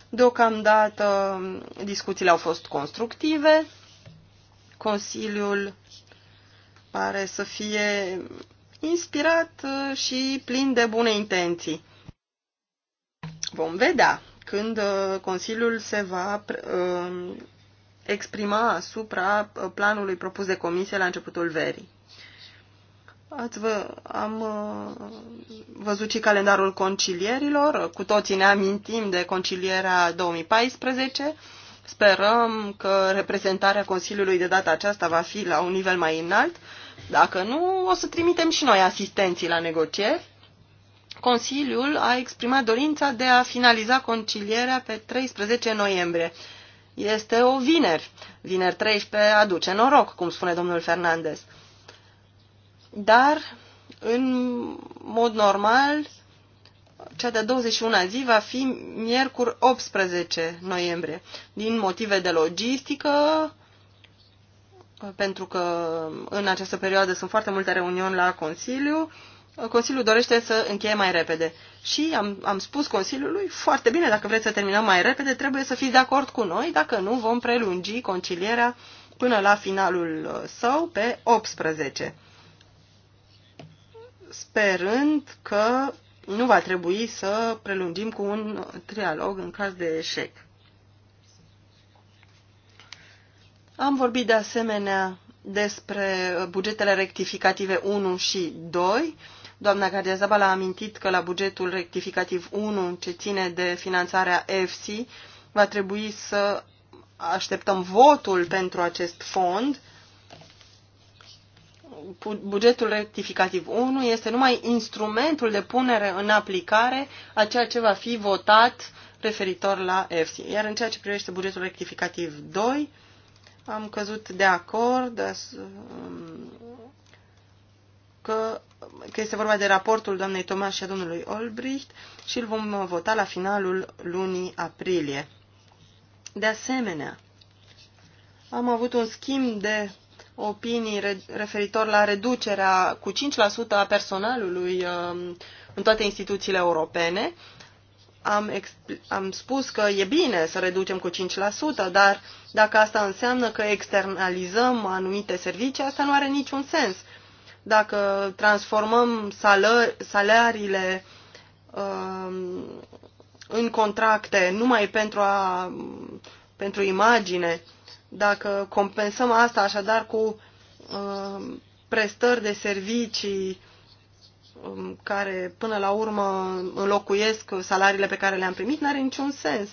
Deocamdată um, discuțiile au fost constructive. Consiliul pare să fie inspirat uh, și plin de bune intenții. Vom vedea când uh, Consiliul se va uh, exprima asupra uh, planului propus de comisie la începutul verii. Ați vă, am văzut și calendarul concilierilor, cu toții ne amintim de concilierea 2014, sperăm că reprezentarea Consiliului de data aceasta va fi la un nivel mai înalt, dacă nu, o să trimitem și noi asistenții la negocieri Consiliul a exprimat dorința de a finaliza concilierea pe 13 noiembrie. Este o vineri. Vineri 13 aduce noroc, cum spune domnul Fernandez. Dar, în mod normal, cea de 21-a zi va fi miercuri 18 noiembrie. Din motive de logistică, pentru că în această perioadă sunt foarte multe reuniuni la Consiliu, Consiliul dorește să încheie mai repede. Și am, am spus Consiliului, foarte bine, dacă vreți să terminăm mai repede, trebuie să fiți de acord cu noi, dacă nu vom prelungi concilierea până la finalul uh, său pe 18. Sperând că nu va trebui să prelungim cu un trialog în caz de eșec. Am vorbit de asemenea despre uh, bugetele rectificative 1 și 2 Doamna Gardiazabal a amintit că la bugetul rectificativ 1, ce ține de finanțarea EFSI, va trebui să așteptăm votul pentru acest fond. Bugetul rectificativ 1 este numai instrumentul de punere în aplicare a ceea ce va fi votat referitor la EFSI. Iar în ceea ce privește bugetul rectificativ 2, am căzut de acord că, că este vorba de raportul doamnei Tomaș și a domnului Olbricht și îl vom vota la finalul lunii aprilie. De asemenea, am avut un schimb de opinii referitor la reducerea cu 5% a personalului um, în toate instituțiile europene. Am, am spus că e bine să reducem cu 5%, dar dacă asta înseamnă că externalizăm anumite servicii, asta nu are niciun sens. Dacă transformăm salari, salariile uh, în contracte numai pentru, a, pentru imagine, dacă compensăm asta așadar cu uh, prestări de servicii um, care până la urmă înlocuiesc salariile pe care le-am primit, n-are niciun sens.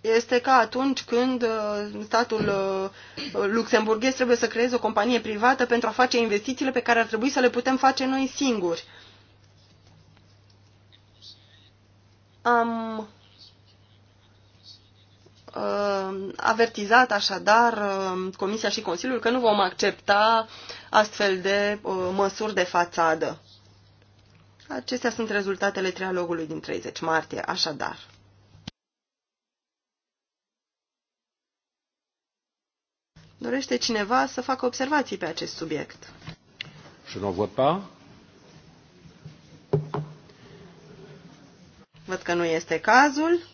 este ca atunci când uh, statul uh, luxemburghez trebuie să creeze o companie privată pentru a face investițiile pe care ar trebui să le putem face noi singuri. Am uh, avertizat așadar Comisia și Consiliul că nu vom accepta astfel de măsuri de fațadă. Acestea sunt rezultatele trialogului din 30 martie, așadar. Dorește cineva să facă observații pe acest subiect? Je n'en vois pas. Văd că nu este cazul.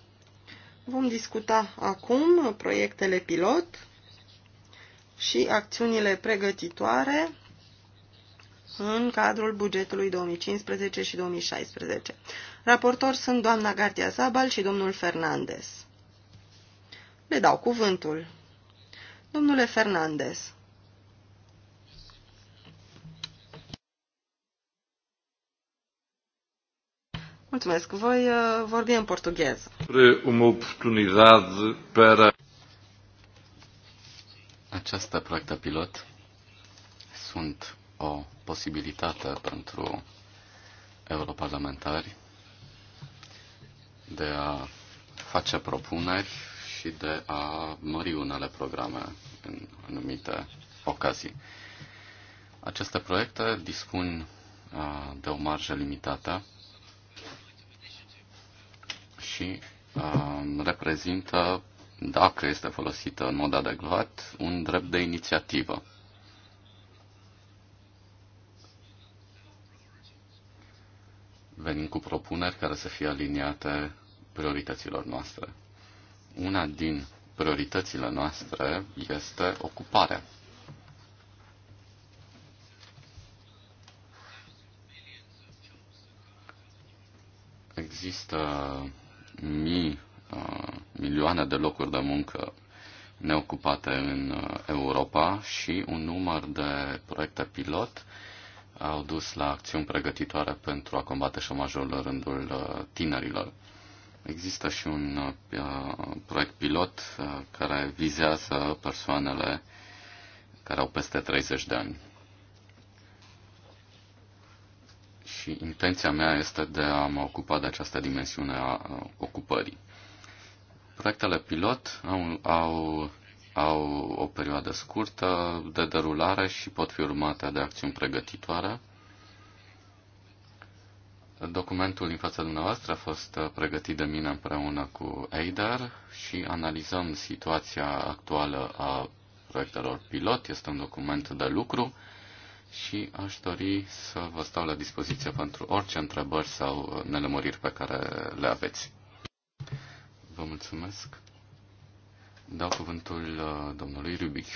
Vom discuta acum proiectele pilot și acțiunile pregătitoare în cadrul bugetului 2015 și 2016. Raportori sunt doamna Gardia Zabal și domnul Fernandez. Le dau cuvântul. Domnule Fernandez. Mulțumesc. Voi uh, vorbi în portughez. Uma oportunidade para... Această proiectă pilot sunt o posibilitate pentru europarlamentari de a face propuneri și de a mări unele programe în anumite ocazii. Aceste proiecte dispun de o marjă limitată și reprezintă, dacă este folosită în mod adecvat, un drept de inițiativă. Venim cu propuneri care să fie aliniate priorităților noastre una din prioritățile noastre este ocuparea. Există mii, uh, milioane de locuri de muncă neocupate în uh, Europa și un număr de proiecte pilot au dus la acțiuni pregătitoare pentru a combate șomajul în rândul uh, tinerilor. Există și un uh, proiect pilot uh, care vizează persoanele care au peste 30 de ani. Și intenția mea este de a mă ocupa de această dimensiune a ocupării. Proiectele pilot au, au, au o perioadă scurtă de derulare și pot fi urmate de acțiuni pregătitoare Documentul din fața dumneavoastră a fost uh, pregătit de mine împreună cu EIDAR și analizăm situația actuală a proiectelor pilot. Este un document de lucru și aș dori să vă stau la dispoziție pentru orice întrebări sau nelămuriri pe care le aveți. Vă mulțumesc. Dau cuvântul uh, domnului Rubic.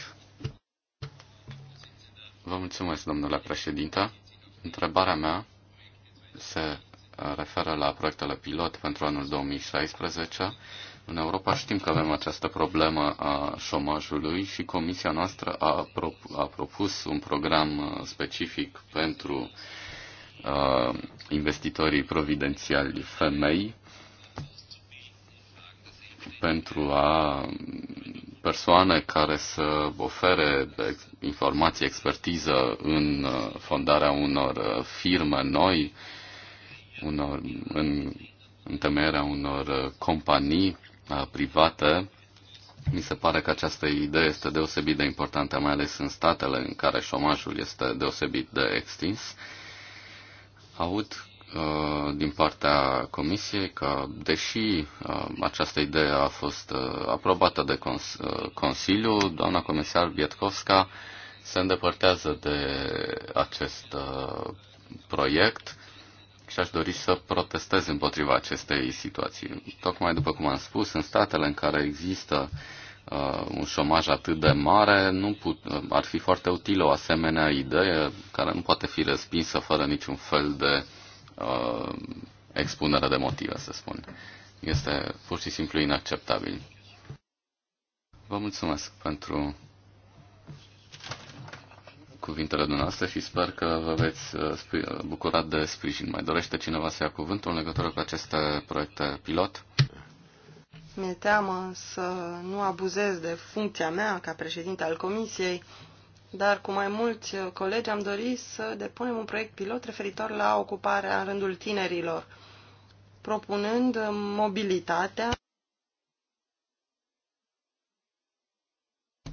Vă mulțumesc, domnule președinte. Întrebarea mea se referă la proiectele pilot pentru anul 2016. În Europa știm că avem această problemă a șomajului și comisia noastră a, prop- a propus un program uh, specific pentru uh, investitorii providențiali femei pentru a persoane care să ofere informații, expertiză în uh, fondarea unor uh, firme noi, uh, unor, în întemeierea unor uh, companii uh, private, mi se pare că această idee este deosebit de importantă, mai ales în statele în care șomajul este deosebit de extins. Aud uh, din partea Comisiei că, deși această idee a fost aprobată de cons- Consiliu, doamna comisar Bietkovska se îndepărtează de acest proiect și aș dori să protestez împotriva acestei situații. Tocmai după cum am spus, în statele în care există uh, un șomaj atât de mare, nu put, uh, ar fi foarte utilă o asemenea idee care nu poate fi respinsă fără niciun fel de uh, expunere de motive, să spun. Este pur și simplu inacceptabil. Vă mulțumesc pentru cuvintele dumneavoastră și sper că vă veți uh, uh, bucura de sprijin. Mai dorește cineva să ia cuvântul în legătură cu aceste proiecte pilot? Mi-e teamă să nu abuzez de funcția mea ca președinte al comisiei, dar cu mai mulți colegi am dorit să depunem un proiect pilot referitor la ocuparea în rândul tinerilor, propunând mobilitatea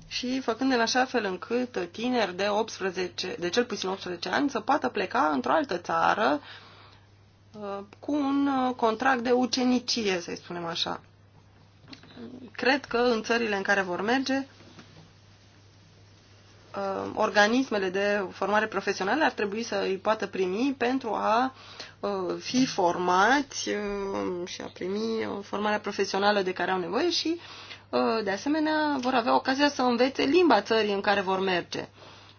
și făcând în așa fel încât tineri de, 18, de cel puțin 18 ani să poată pleca într-o altă țară uh, cu un uh, contract de ucenicie, să spunem așa. Cred că în țările în care vor merge, uh, organismele de formare profesională ar trebui să îi poată primi pentru a fi formați și a primi formarea profesională de care au nevoie și Uh, de asemenea, vor avea ocazia să învețe limba țării în care vor merge.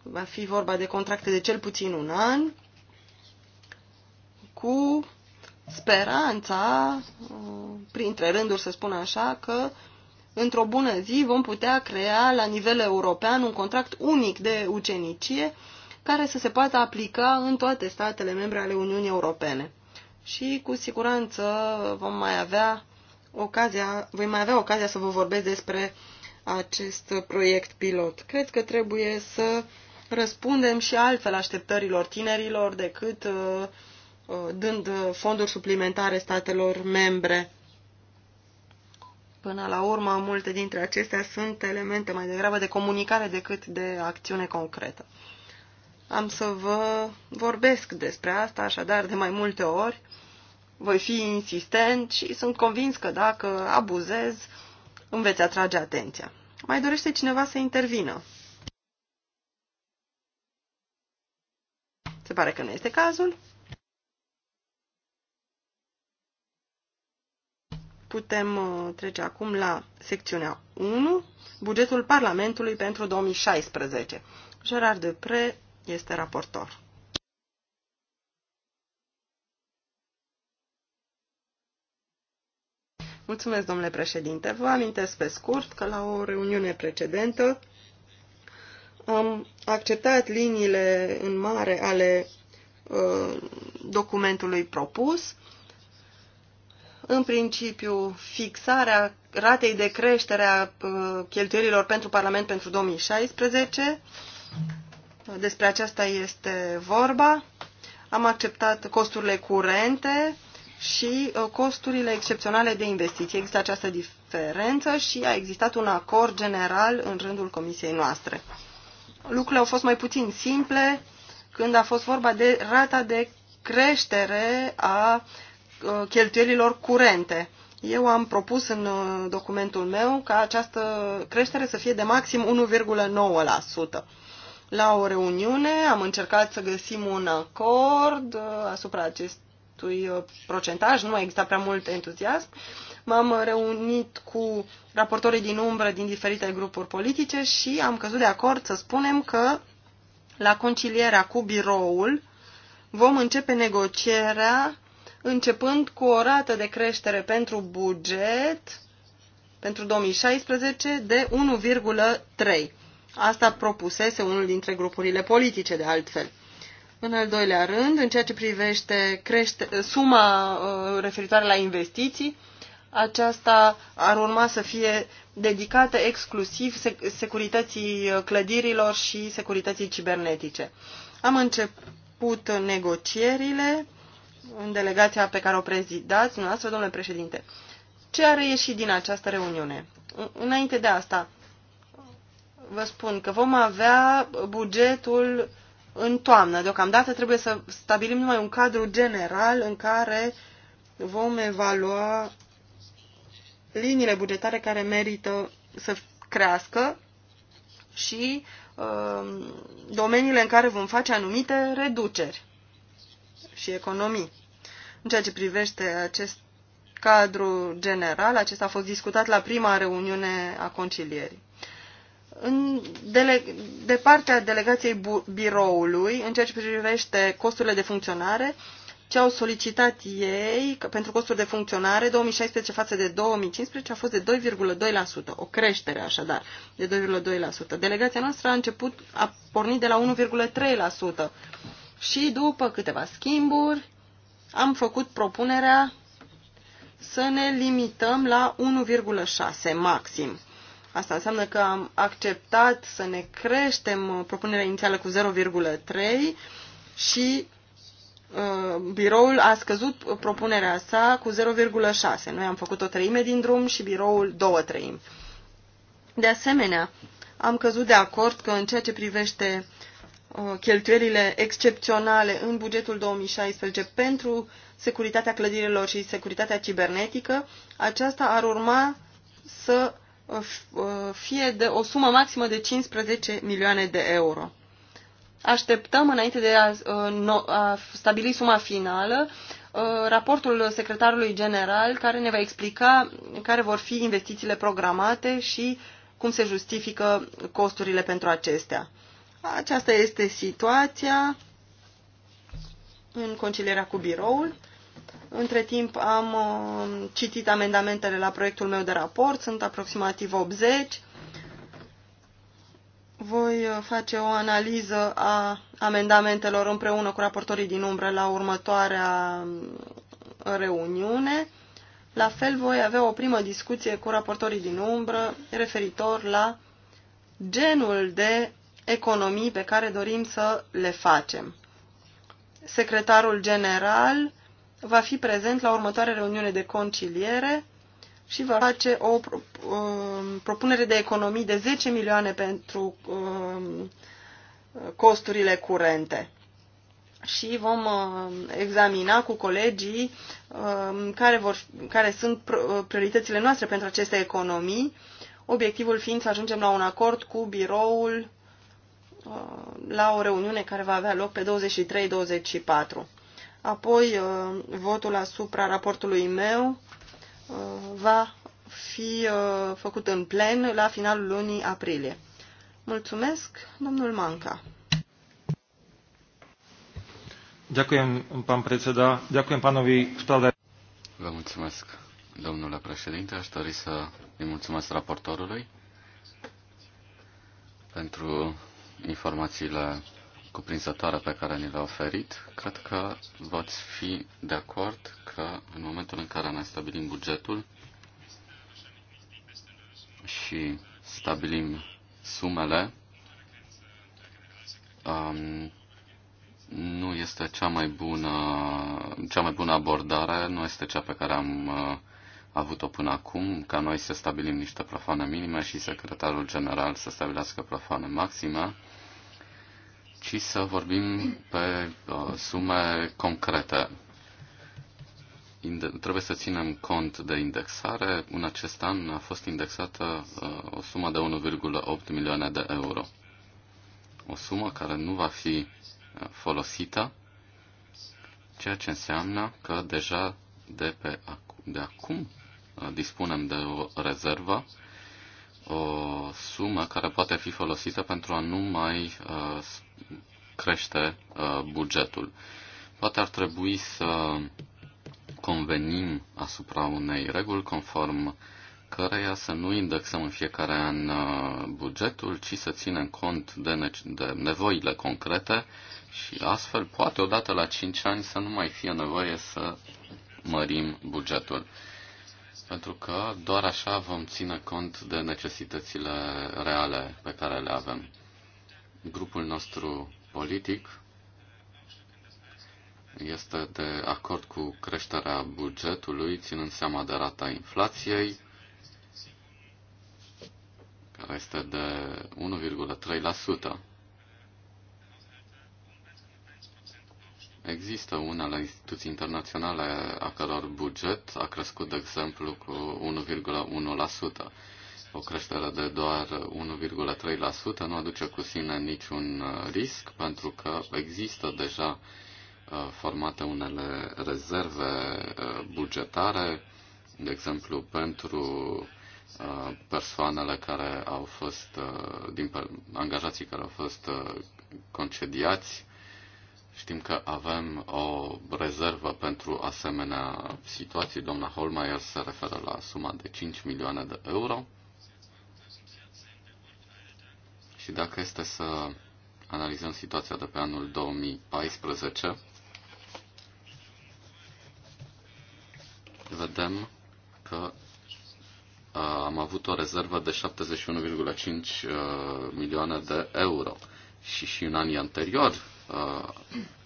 Va fi vorba de contracte de cel puțin un an, cu speranța, uh, printre rânduri să spun așa, că într-o bună zi vom putea crea la nivel european un contract unic de ucenicie care să se poată aplica în toate statele membre ale Uniunii Europene. Și cu siguranță vom mai avea ocazia, voi mai avea ocazia să vă vorbesc despre acest proiect pilot. Cred că trebuie să răspundem și altfel așteptărilor tinerilor decât uh, uh, dând fonduri suplimentare statelor membre. Până la urmă, multe dintre acestea sunt elemente mai degrabă de comunicare decât de acțiune concretă. Am să vă vorbesc despre asta, așadar, de mai multe ori, voi fi insistent și sunt convins că dacă abuzez, îmi veți atrage atenția. Mai dorește cineva să intervină? Se pare că nu este cazul. Putem uh, trece acum la secțiunea 1, bugetul Parlamentului pentru 2016. Gerard Depre este raportor. Mulțumesc, domnule președinte. Vă amintesc pe scurt că la o reuniune precedentă am acceptat liniile în mare ale uh, documentului propus. În principiu, fixarea ratei de creștere a uh, cheltuielilor pentru Parlament pentru 2016. Despre aceasta este vorba. Am acceptat costurile curente, și uh, costurile excepționale de investiții. Există această diferență și a existat un acord general în rândul comisiei noastre. Lucrurile au fost mai puțin simple când a fost vorba de rata de creștere a uh, cheltuielilor curente. Eu am propus în uh, documentul meu ca această creștere să fie de maxim 1,9%. La o reuniune am încercat să găsim un acord asupra acest, acestui uh, procentaj, nu a existat prea mult entuziasm. M-am reunit cu raportorii din umbră din diferite grupuri politice și am căzut de acord să spunem că la concilierea cu biroul vom începe negocierea începând cu o rată de creștere pentru buget pentru 2016 de 1,3. Asta propusese unul dintre grupurile politice, de altfel. În al doilea rând, în ceea ce privește crește, suma uh, referitoare la investiții, aceasta ar urma să fie dedicată exclusiv securității uh, clădirilor și securității cibernetice. Am început negocierile în delegația pe care o prezidați dumneavoastră, domnule președinte. Ce a ieșit din această reuniune? Înainte de asta, vă spun că vom avea bugetul în toamnă. Deocamdată trebuie să stabilim numai un cadru general în care vom evalua liniile bugetare care merită să crească și uh, domeniile în care vom face anumite reduceri și economii. În ceea ce privește acest cadru general, acesta a fost discutat la prima reuniune a concilierii în dele, de partea delegației biroului, în ceea ce privește costurile de funcționare, ce au solicitat ei pentru costuri de funcționare 2016 față de 2015 a fost de 2,2%, o creștere așadar de 2,2%. Delegația noastră a început, a pornit de la 1,3% și după câteva schimburi am făcut propunerea să ne limităm la 1,6 maxim. Asta înseamnă că am acceptat să ne creștem uh, propunerea inițială cu 0,3 și uh, biroul a scăzut uh, propunerea sa cu 0,6. Noi am făcut o treime din drum și biroul două treimi. De asemenea, am căzut de acord că în ceea ce privește uh, cheltuielile excepționale în bugetul 2016 pentru securitatea clădirilor și securitatea cibernetică, aceasta ar urma să fie de o sumă maximă de 15 milioane de euro. Așteptăm, înainte de a, uh, a stabili suma finală, uh, raportul secretarului general care ne va explica care vor fi investițiile programate și cum se justifică costurile pentru acestea. Aceasta este situația în concilierea cu biroul. Între timp am uh, citit amendamentele la proiectul meu de raport, sunt aproximativ 80. Voi uh, face o analiză a amendamentelor împreună cu raportorii din umbră la următoarea uh, reuniune. La fel voi avea o primă discuție cu raportorii din umbră referitor la genul de economii pe care dorim să le facem. Secretarul general va fi prezent la următoarea reuniune de conciliere și va face o um, propunere de economii de 10 milioane pentru um, costurile curente. Și vom um, examina cu colegii care, vor, care sunt prioritățile noastre pentru aceste economii, obiectivul fiind să ajungem la un acord cu biroul uh, la o reuniune care va avea loc pe 23-24. Apoi, uh, votul asupra raportului meu uh, va fi uh, făcut în plen la finalul lunii aprilie. Mulțumesc, domnul Manca. Ďakujem, pán predseda. Vă mulțumesc, domnule președinte. Aș dori să îi mulțumesc raportorului pentru informațiile cuprinzătoare pe care ni l-a oferit, cred că voți fi de acord că în momentul în care ne stabilim bugetul și stabilim sumele, um, nu este cea mai bună, cea mai bună abordare, nu este cea pe care am uh, avut-o până acum, ca noi să stabilim niște plafoane minime și secretarul general să stabilească plafoane maxime ci să vorbim pe uh, sume concrete. Trebuie să ținem cont de indexare. În acest an a fost indexată uh, o sumă de 1,8 milioane de euro. O sumă care nu va fi uh, folosită, ceea ce înseamnă că deja de, pe, de acum dispunem de o rezervă o sumă care poate fi folosită pentru a nu mai uh, crește uh, bugetul. Poate ar trebui să convenim asupra unei reguli conform căreia să nu indexăm în fiecare an uh, bugetul, ci să ținem cont de, ne- de nevoile concrete și astfel poate odată la 5 ani să nu mai fie nevoie să mărim bugetul pentru că doar așa vom ține cont de necesitățile reale pe care le avem. Grupul nostru politic este de acord cu creșterea bugetului, ținând seama de rata inflației, care este de 1,3%. Există unele instituții internaționale a căror buget a crescut, de exemplu, cu 1,1%. O creștere de doar 1,3% nu aduce cu sine niciun uh, risc, pentru că există deja uh, formate unele rezerve uh, bugetare, de exemplu, pentru persoanele care au fost, din angajații care au fost concediați Știm că avem o rezervă pentru asemenea situații. Doamna Holmeier se referă la suma de 5 milioane de euro. Și dacă este să analizăm situația de pe anul 2014, vedem că am avut o rezervă de 71,5 milioane de euro. Și și în anii anterior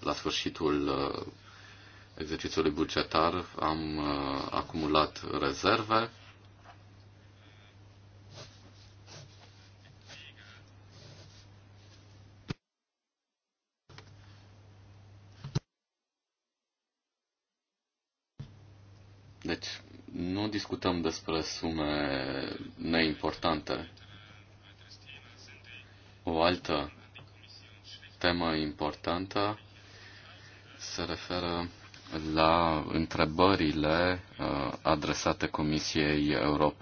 la sfârșitul exercițiului bugetar am acumulat rezerve. Deci nu discutăm despre sume neimportante. O altă temă importantă se referă la întrebările uh, adresate Comisiei uh,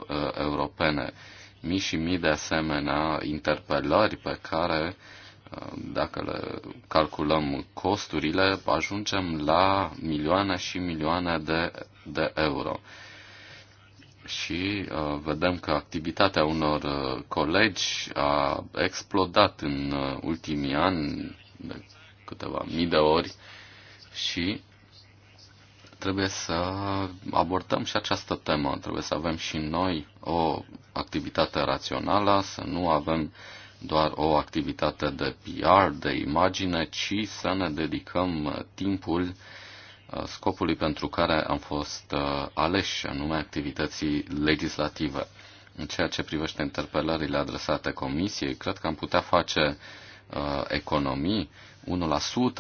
Europene. Mii și mii de asemenea interpelări pe care, uh, dacă le calculăm costurile, ajungem la milioane și milioane de, de euro și uh, vedem că activitatea unor uh, colegi a explodat în uh, ultimii ani de câteva mii de ori și trebuie să abordăm și această temă. Trebuie să avem și noi o activitate rațională, să nu avem doar o activitate de PR, de imagine, ci să ne dedicăm uh, timpul uh, Uh, scopului pentru care am fost uh, aleși, anume activității legislative. În ceea ce privește interpelările adresate Comisiei, cred că am putea face uh, economii.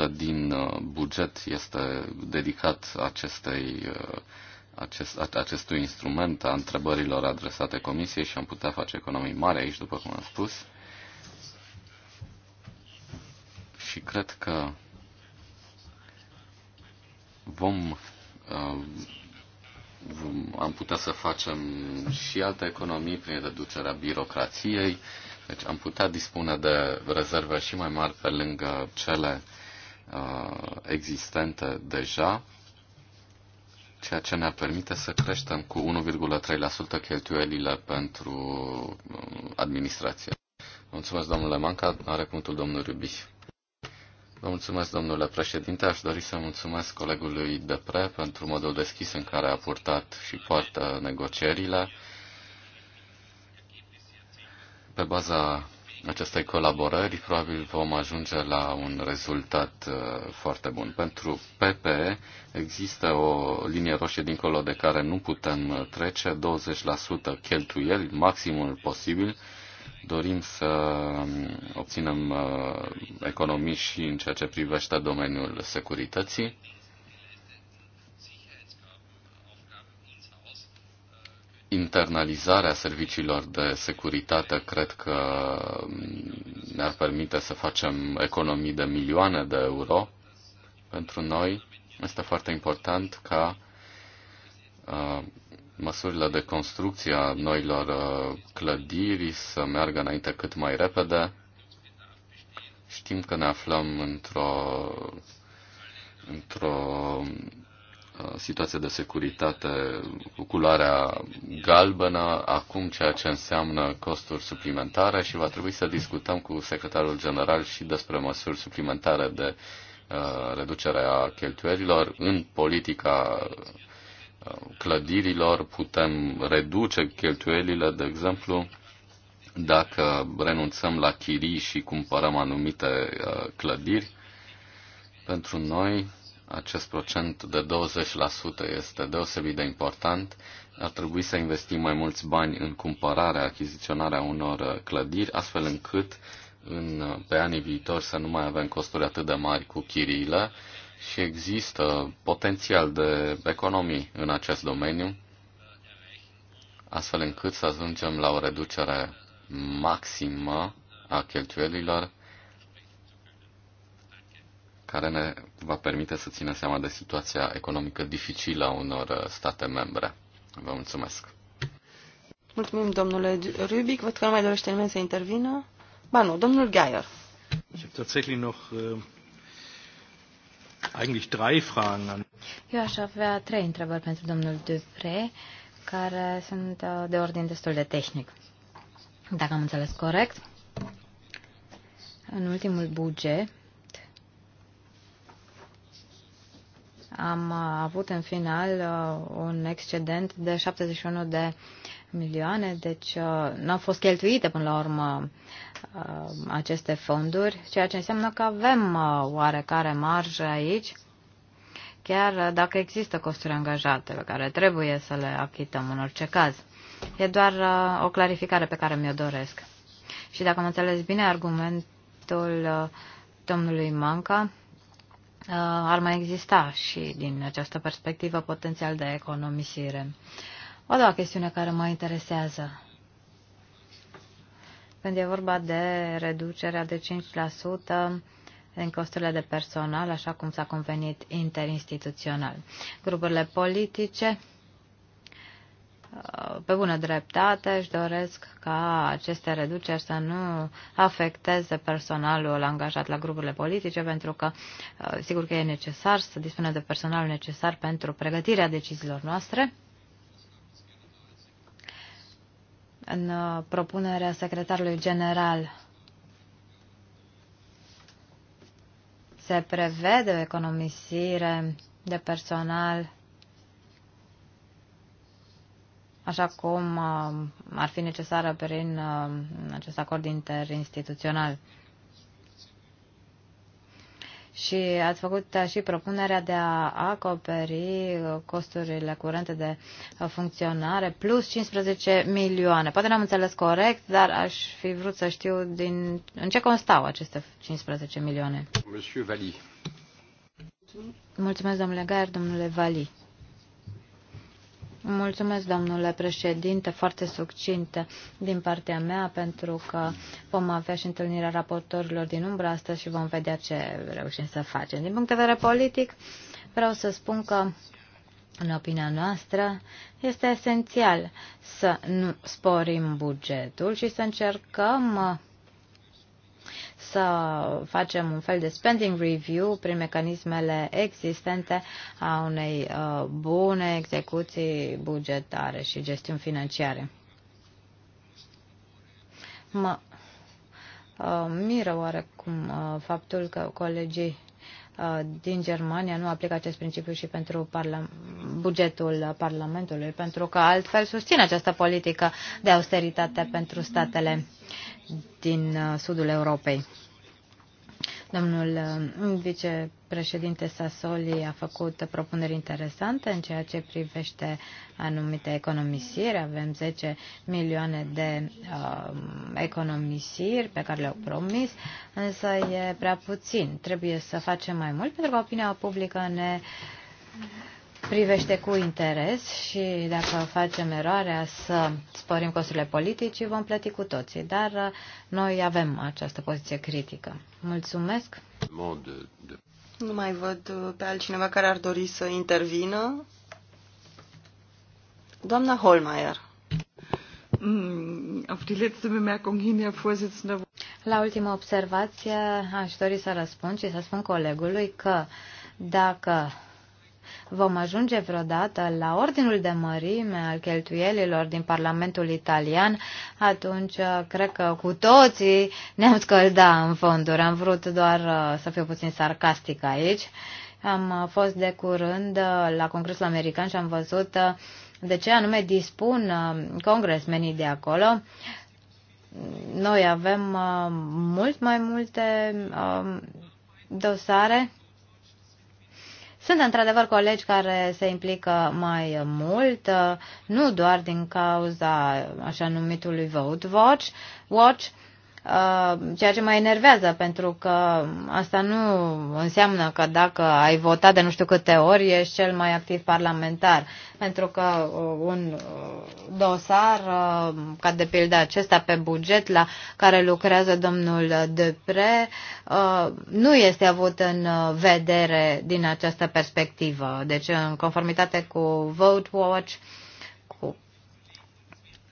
1% din buget este dedicat acestei, acest, acestui instrument a întrebărilor adresate Comisiei și am putea face economii mari aici, după cum am spus. Și cred că vom, uh, vom, am putea să facem și alte economii prin reducerea birocrației, deci am putea dispune de rezerve și mai mari pe lângă cele uh, existente deja, ceea ce ne permite să creștem cu 1,3% cheltuielile pentru uh, administrație. Mulțumesc, domnule Manca. Are cuvântul domnul Rubiș. Vă mulțumesc, domnule președinte. Aș dori să mulțumesc colegului Depre pentru modul deschis în care a purtat și poartă negocierile. Pe baza acestei colaborări, probabil vom ajunge la un rezultat uh, foarte bun. Pentru PPE există o linie roșie dincolo de care nu putem trece, 20% cheltuieli, maximul posibil, dorim să um, obținem uh, economii și în ceea ce privește domeniul securității. Internalizarea serviciilor de securitate cred că um, ne-ar permite să facem economii de milioane de euro. Pentru noi este foarte important ca uh, măsurile de construcție a noilor uh, clădiri să meargă înainte cât mai repede. Știm că ne aflăm într-o într-o uh, situație de securitate cu culoarea galbenă, acum ceea ce înseamnă costuri suplimentare și va trebui să discutăm cu secretarul general și despre măsuri suplimentare de uh, reducere a cheltuielilor în politica clădirilor, putem reduce cheltuielile, de exemplu, dacă renunțăm la chirii și cumpărăm anumite uh, clădiri. Pentru noi, acest procent de 20% este deosebit de important. Ar trebui să investim mai mulți bani în cumpărarea, achiziționarea unor uh, clădiri, astfel încât în, uh, pe anii viitori să nu mai avem costuri atât de mari cu chiriile și există potențial de economii în acest domeniu, astfel încât să ajungem la o reducere maximă a cheltuielilor care ne va permite să ținem seama de situația economică dificilă a unor state membre. Vă mulțumesc. Mulțumim, domnule Rubic. Văd că nu mai dorește nimeni să intervină. Ba nu, domnul Geier. Ich habe tatsächlich noch äh, eigentlich drei Fragen an. Eu aș avea trei întrebări pentru domnul Dupre, care sunt uh, de ordin destul de tehnic. Dacă am înțeles corect, în ultimul buget am uh, avut în final uh, un excedent de 71 de milioane, deci uh, n-au fost cheltuite până la urmă uh, aceste fonduri, ceea ce înseamnă că avem uh, oarecare marjă aici, chiar dacă există costuri angajate pe care trebuie să le achităm în orice caz. E doar o clarificare pe care mi-o doresc. Și dacă am înțeles bine argumentul domnului Manca, ar mai exista și din această perspectivă potențial de economisire. O doua chestiune care mă interesează. Când e vorba de reducerea de 5% în costurile de personal, așa cum s-a convenit interinstituțional. Grupurile politice, uh, pe bună dreptate, își doresc ca aceste reduceri să nu afecteze personalul angajat la grupurile politice, pentru că uh, sigur că e necesar să dispună de personalul necesar pentru pregătirea deciziilor noastre. în uh, propunerea secretarului general se prevede o economisire de personal așa cum uh, ar fi necesară prin uh, acest acord interinstituțional. Și ați făcut și propunerea de a acoperi costurile curente de funcționare plus 15 milioane. Poate n-am înțeles corect, dar aș fi vrut să știu din, în ce constau aceste 15 milioane. Monsieur Vali. Mulțumesc, domnule Gaier, domnule Vali. Mulțumesc, domnule președinte, foarte succint din partea mea, pentru că vom avea și întâlnirea raportorilor din umbră astăzi și vom vedea ce reușim să facem. Din punct de vedere politic, vreau să spun că, în opinia noastră, este esențial să nu sporim bugetul și să încercăm să facem un fel de spending review prin mecanismele existente a unei uh, bune execuții bugetare și gestiuni financiare. Mă uh, miră oarecum uh, faptul că colegii din Germania nu aplică acest principiu și pentru parla bugetul Parlamentului, pentru că altfel susține această politică de austeritate pentru statele din uh, sudul Europei. Domnul uh, vicepreședinte Sassoli a făcut propuneri interesante în ceea ce privește anumite economisiri. Avem 10 milioane de uh, economisiri pe care le-au promis, însă e prea puțin. Trebuie să facem mai mult pentru că opinia publică ne privește cu interes și dacă facem eroarea să sporim costurile politicii, vom plăti cu toții. Dar uh, noi avem această poziție critică. Mulțumesc! Nu mai văd uh, pe altcineva care ar dori să intervină. Doamna Holmeier. Mm, La ultima observație aș dori să răspund și să spun colegului că dacă vom ajunge vreodată la ordinul de mărime al cheltuielilor din Parlamentul Italian, atunci uh, cred că cu toții ne-am scăldat în fonduri. Am vrut doar uh, să fiu puțin sarcastic aici. Am uh, fost de curând la Congresul American și am văzut de ce anume dispun congresmenii de acolo. Noi avem mult mai multe dosare sunt într-adevăr colegi care se implică mai mult, nu doar din cauza așa numitului Vote Watch, Watch Uh, ceea ce mă enervează, pentru că asta nu înseamnă că dacă ai votat de nu știu câte ori, ești cel mai activ parlamentar. Pentru că uh, un uh, dosar, ca de pildă acesta pe buget, la care lucrează domnul Depre, nu este avut în vedere din această perspectivă. Deci, în conformitate cu Vote Watch,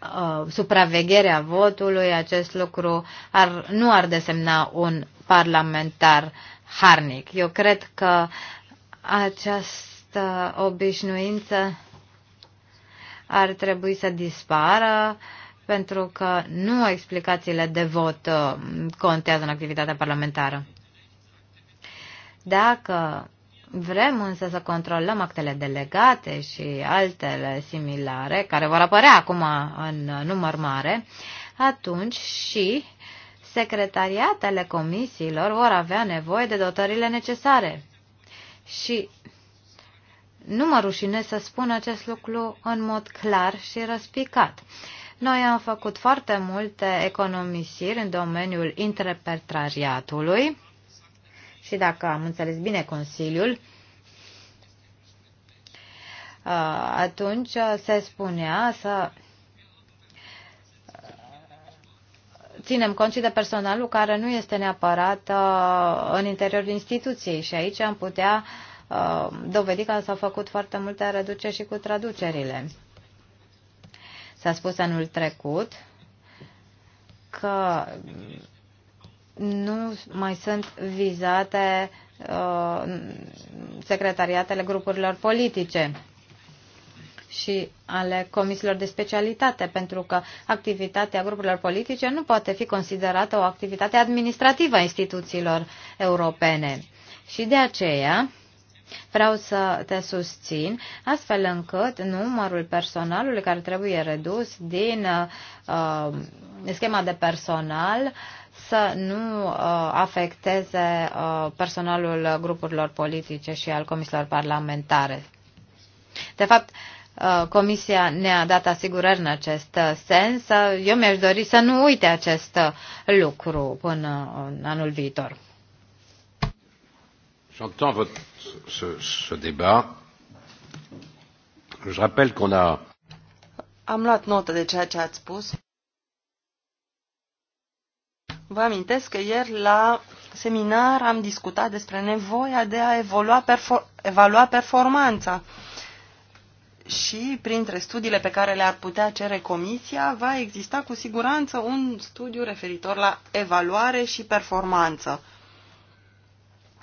Uh, supravegherea votului, acest lucru ar, nu ar desemna un parlamentar harnic. Eu cred că această obișnuință ar trebui să dispară pentru că nu explicațiile de vot uh, contează în activitatea parlamentară. Dacă Vrem însă să controlăm actele delegate și altele similare, care vor apărea acum în număr mare, atunci și secretariatele comisiilor vor avea nevoie de dotările necesare. Și nu mă rușine să spun acest lucru în mod clar și răspicat. Noi am făcut foarte multe economisiri în domeniul interpretariatului, și dacă am înțeles bine Consiliul, atunci se spunea să ținem cont și de personalul care nu este neapărat în interiorul instituției și aici am putea dovedi că s-au făcut foarte multe reduceri și cu traducerile. S-a spus anul trecut că nu mai sunt vizate uh, secretariatele grupurilor politice și ale comisiilor de specialitate, pentru că activitatea grupurilor politice nu poate fi considerată o activitate administrativă a instituțiilor europene. Și de aceea vreau să te susțin astfel încât numărul personalului care trebuie redus din uh, schema de personal să nu uh, afecteze uh, personalul grupurilor politice și al comisiilor parlamentare. De fapt, uh, Comisia ne-a dat asigurări în acest sens. Eu mi-aș dori să nu uite acest lucru până în anul viitor. J'entends votre, ce, ce débat. Je rappelle qu'on a... Am luat notă de ceea ce ați spus. Vă amintesc că ieri la seminar am discutat despre nevoia de a evolua perfor evalua performanța și printre studiile pe care le-ar putea cere comisia va exista cu siguranță un studiu referitor la evaluare și performanță.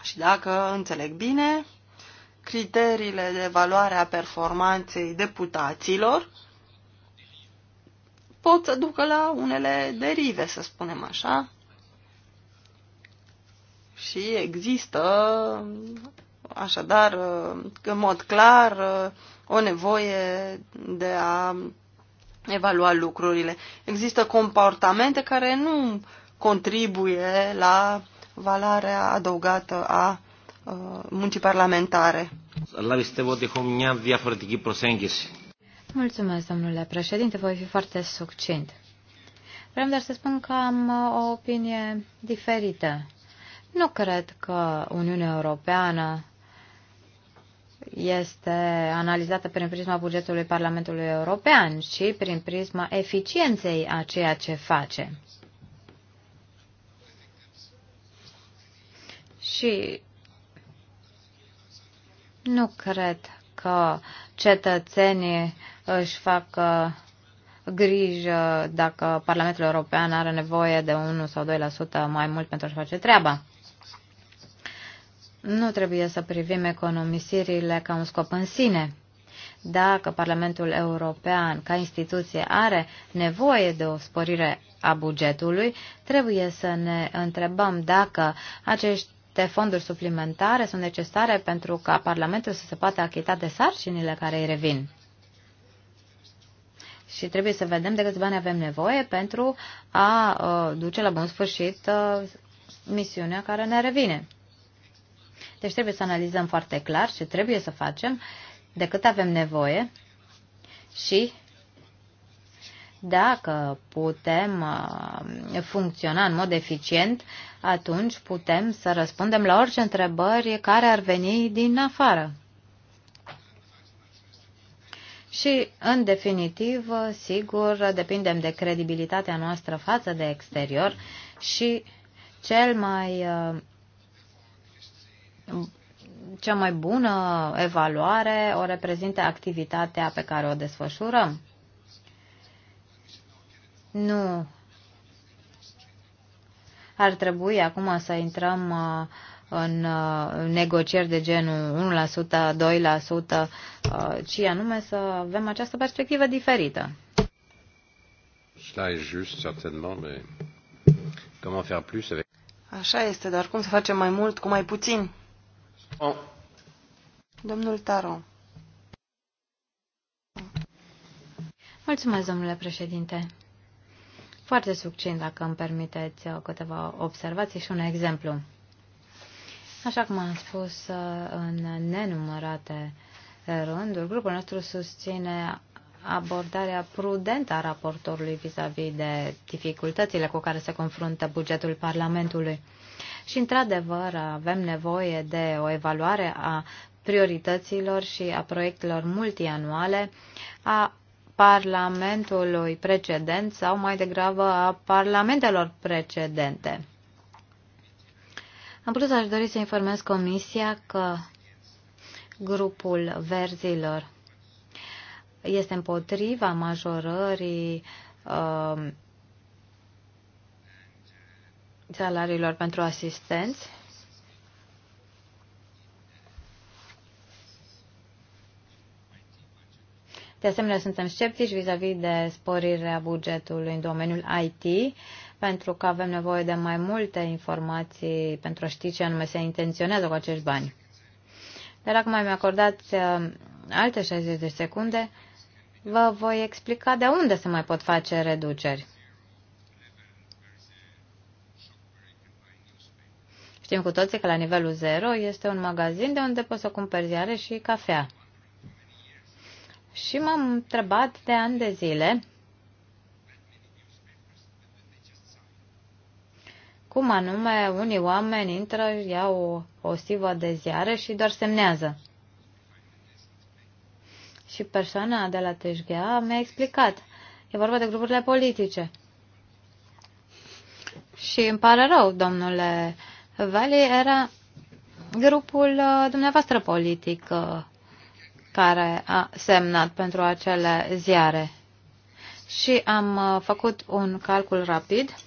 Și dacă înțeleg bine, criteriile de evaluare a performanței deputaților pot să ducă la unele derive, să spunem așa. Și există, așadar, în mod clar, o nevoie de a evalua lucrurile. Există comportamente care nu contribuie la valarea adăugată a uh, muncii parlamentare. Αλλά vă ότι έχουμε μια διαφορετική Mulțumesc, domnule președinte, voi fi foarte succint. Vreau doar să spun că am uh, o opinie diferită. Nu cred că Uniunea Europeană este analizată prin prisma bugetului Parlamentului European, ci prin prisma eficienței a ceea ce face. Și nu cred că uh, cetățenii își fac grijă dacă Parlamentul European are nevoie de 1 sau 2% mai mult pentru a-și face treaba. Nu trebuie să privim economisirile ca un scop în sine. Dacă Parlamentul European, ca instituție, are nevoie de o sporire a bugetului, trebuie să ne întrebăm dacă acești Câte fonduri suplimentare sunt necesare pentru ca Parlamentul să se poată achita de sarcinile care îi revin. Și trebuie să vedem de câți bani avem nevoie pentru a uh, duce la bun sfârșit uh, misiunea care ne revine. Deci trebuie să analizăm foarte clar ce trebuie să facem, de cât avem nevoie și dacă putem uh, funcționa în mod eficient, atunci putem să răspundem la orice întrebări care ar veni din afară. Și, în definitiv, sigur, depindem de credibilitatea noastră față de exterior și cel mai, uh, cea mai bună evaluare o reprezintă activitatea pe care o desfășurăm. Nu ar trebui acum să intrăm uh, uh, în negocieri de genul 1%, 2%, uh, ci anume să avem această perspectivă diferită. Așa este, dar cum să facem mai mult cu mai puțin? Domnul Taro. Mulțumesc, domnule președinte. Foarte succint, dacă îmi permiteți uh, câteva observații și un exemplu. Așa cum am spus uh, în nenumărate rânduri, grupul nostru susține abordarea prudentă a raportorului vis-a-vis -vis de dificultățile cu care se confruntă bugetul Parlamentului. Și, într-adevăr, avem nevoie de o evaluare a priorităților și a proiectelor multianuale, a Parlamentului precedent sau mai degrabă a parlamentelor precedente. În plus, aș dori să informez Comisia că grupul verzilor este împotriva majorării uh, salariilor pentru asistenți De asemenea, suntem sceptici vis-a-vis -vis de sporirea bugetului în domeniul IT, pentru că avem nevoie de mai multe informații pentru a ști ce anume se intenționează cu acești bani. Dar acum mai mi-acordați uh, alte 60 de secunde, vă voi explica de unde se mai pot face reduceri. Știm cu toții că la nivelul 0 este un magazin de unde poți să cumperi ziare și cafea. Și m-am întrebat de ani de zile cum anume unii oameni intră, iau o, o stivă de ziare și doar semnează. Și persoana de la Tejghea mi-a explicat. E vorba de grupurile politice. Și îmi pare rău, domnule Vali, era grupul uh, dumneavoastră politic uh, care a semnat pentru acele ziare. Și am uh, făcut un calcul rapid. 28.000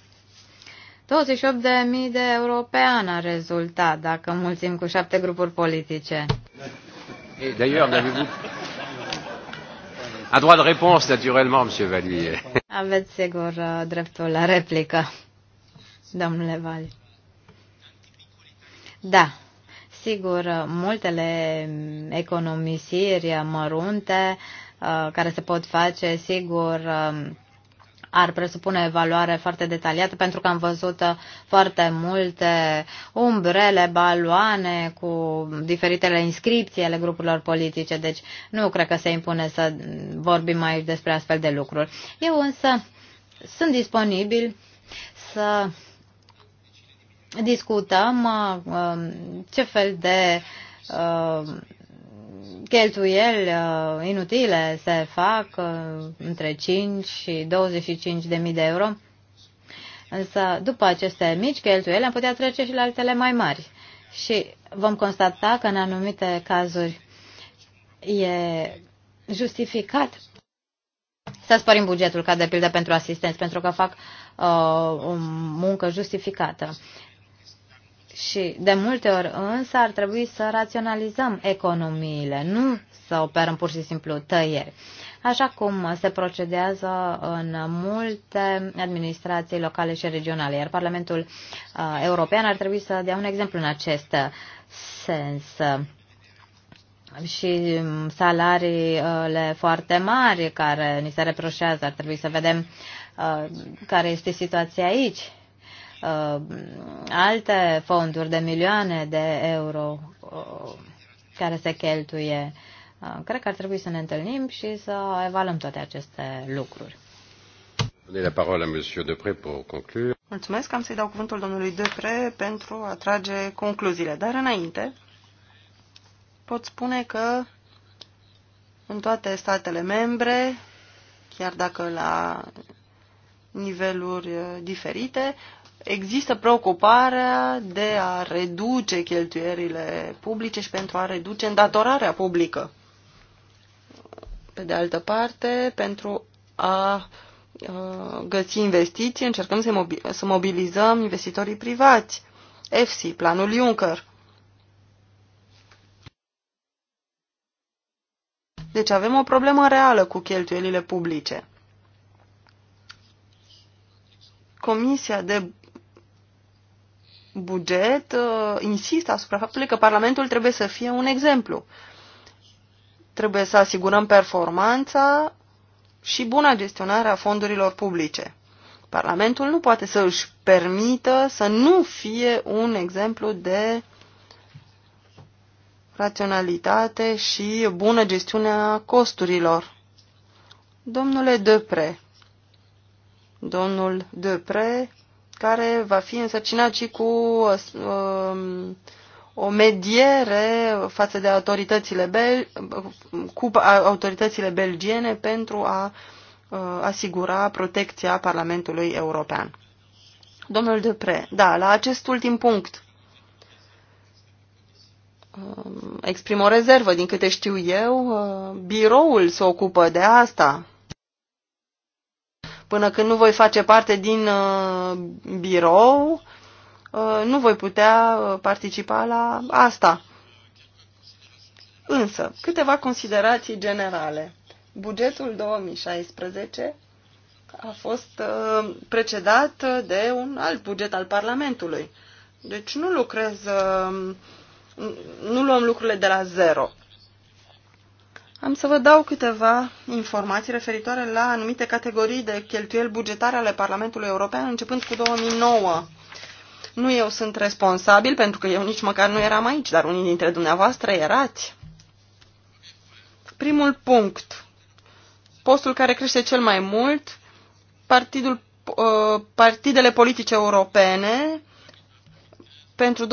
de euro pe an a rezultat, dacă mulțim cu șapte grupuri politice. D'ailleurs, n'avez-vous A droit de réponse, naturellement, M. Vallier. Aveți sigur uh, dreptul la replică, domnule Vallier. Da, Sigur, multele economisiri mărunte uh, care se pot face, sigur, um, ar presupune evaluare foarte detaliată, pentru că am văzut uh, foarte multe umbrele, baloane cu diferitele inscripții ale grupurilor politice, deci nu cred că se impune să vorbim mai despre astfel de lucruri. Eu însă sunt disponibil să discutăm uh, um, ce fel de uh, cheltuieli uh, inutile se fac între 5 și 25 de mii de euro. Însă, după aceste mici cheltuieli, am putea trece și la altele mai mari. Și vom constata că în anumite cazuri e justificat să sporim bugetul, ca de pildă pentru asistenți, pentru că fac uh, o muncă justificată. Și de multe ori însă ar trebui să raționalizăm economiile, nu să operăm pur și simplu tăieri. Așa cum se procedează în multe administrații locale și regionale, iar Parlamentul uh, European ar trebui să dea un exemplu în acest sens și salariile foarte mari care ni se reproșează. Ar trebui să vedem uh, care este situația aici uh, alte fonduri de milioane de euro uh, care se cheltuie. Uh, cred că ar trebui să ne întâlnim și să evaluăm toate aceste lucruri. Mulțumesc, am să-i dau cuvântul domnului Depre pentru a trage concluziile. Dar înainte, pot spune că în toate statele membre, chiar dacă la niveluri diferite, există preocuparea de a reduce cheltuierile publice și pentru a reduce îndatorarea publică. Pe de altă parte, pentru a găsi investiții, încercăm să mobilizăm investitorii privați. EFSI, planul Juncker. Deci avem o problemă reală cu cheltuielile publice. Comisia de buget uh, insistă asupra faptului că Parlamentul trebuie să fie un exemplu. Trebuie să asigurăm performanța și buna gestionare a fondurilor publice. Parlamentul nu poate să își permită să nu fie un exemplu de raționalitate și bună gestiune a costurilor. Domnule Depre, domnul Depre care va fi însărcinat și cu um, o mediere față de autoritățile bel cu autoritățile belgiene pentru a uh, asigura protecția Parlamentului European. Domnul Depre, da, la acest ultim punct um, exprim o rezervă, din câte știu eu, uh, biroul se ocupă de asta, Până când nu voi face parte din uh, birou, uh, nu voi putea uh, participa la asta. Însă, câteva considerații generale. Bugetul 2016 a fost precedat de un alt buget al Parlamentului. Deci nu lucrez, nu luăm lucrurile de la zero. Am să vă dau câteva informații referitoare la anumite categorii de cheltuieli bugetare ale Parlamentului European începând cu 2009. Nu eu sunt responsabil, pentru că eu nici măcar nu eram aici, dar unii dintre dumneavoastră erați. Primul punct. Postul care crește cel mai mult, partidul, uh, partidele politice europene, pentru 2009-2015,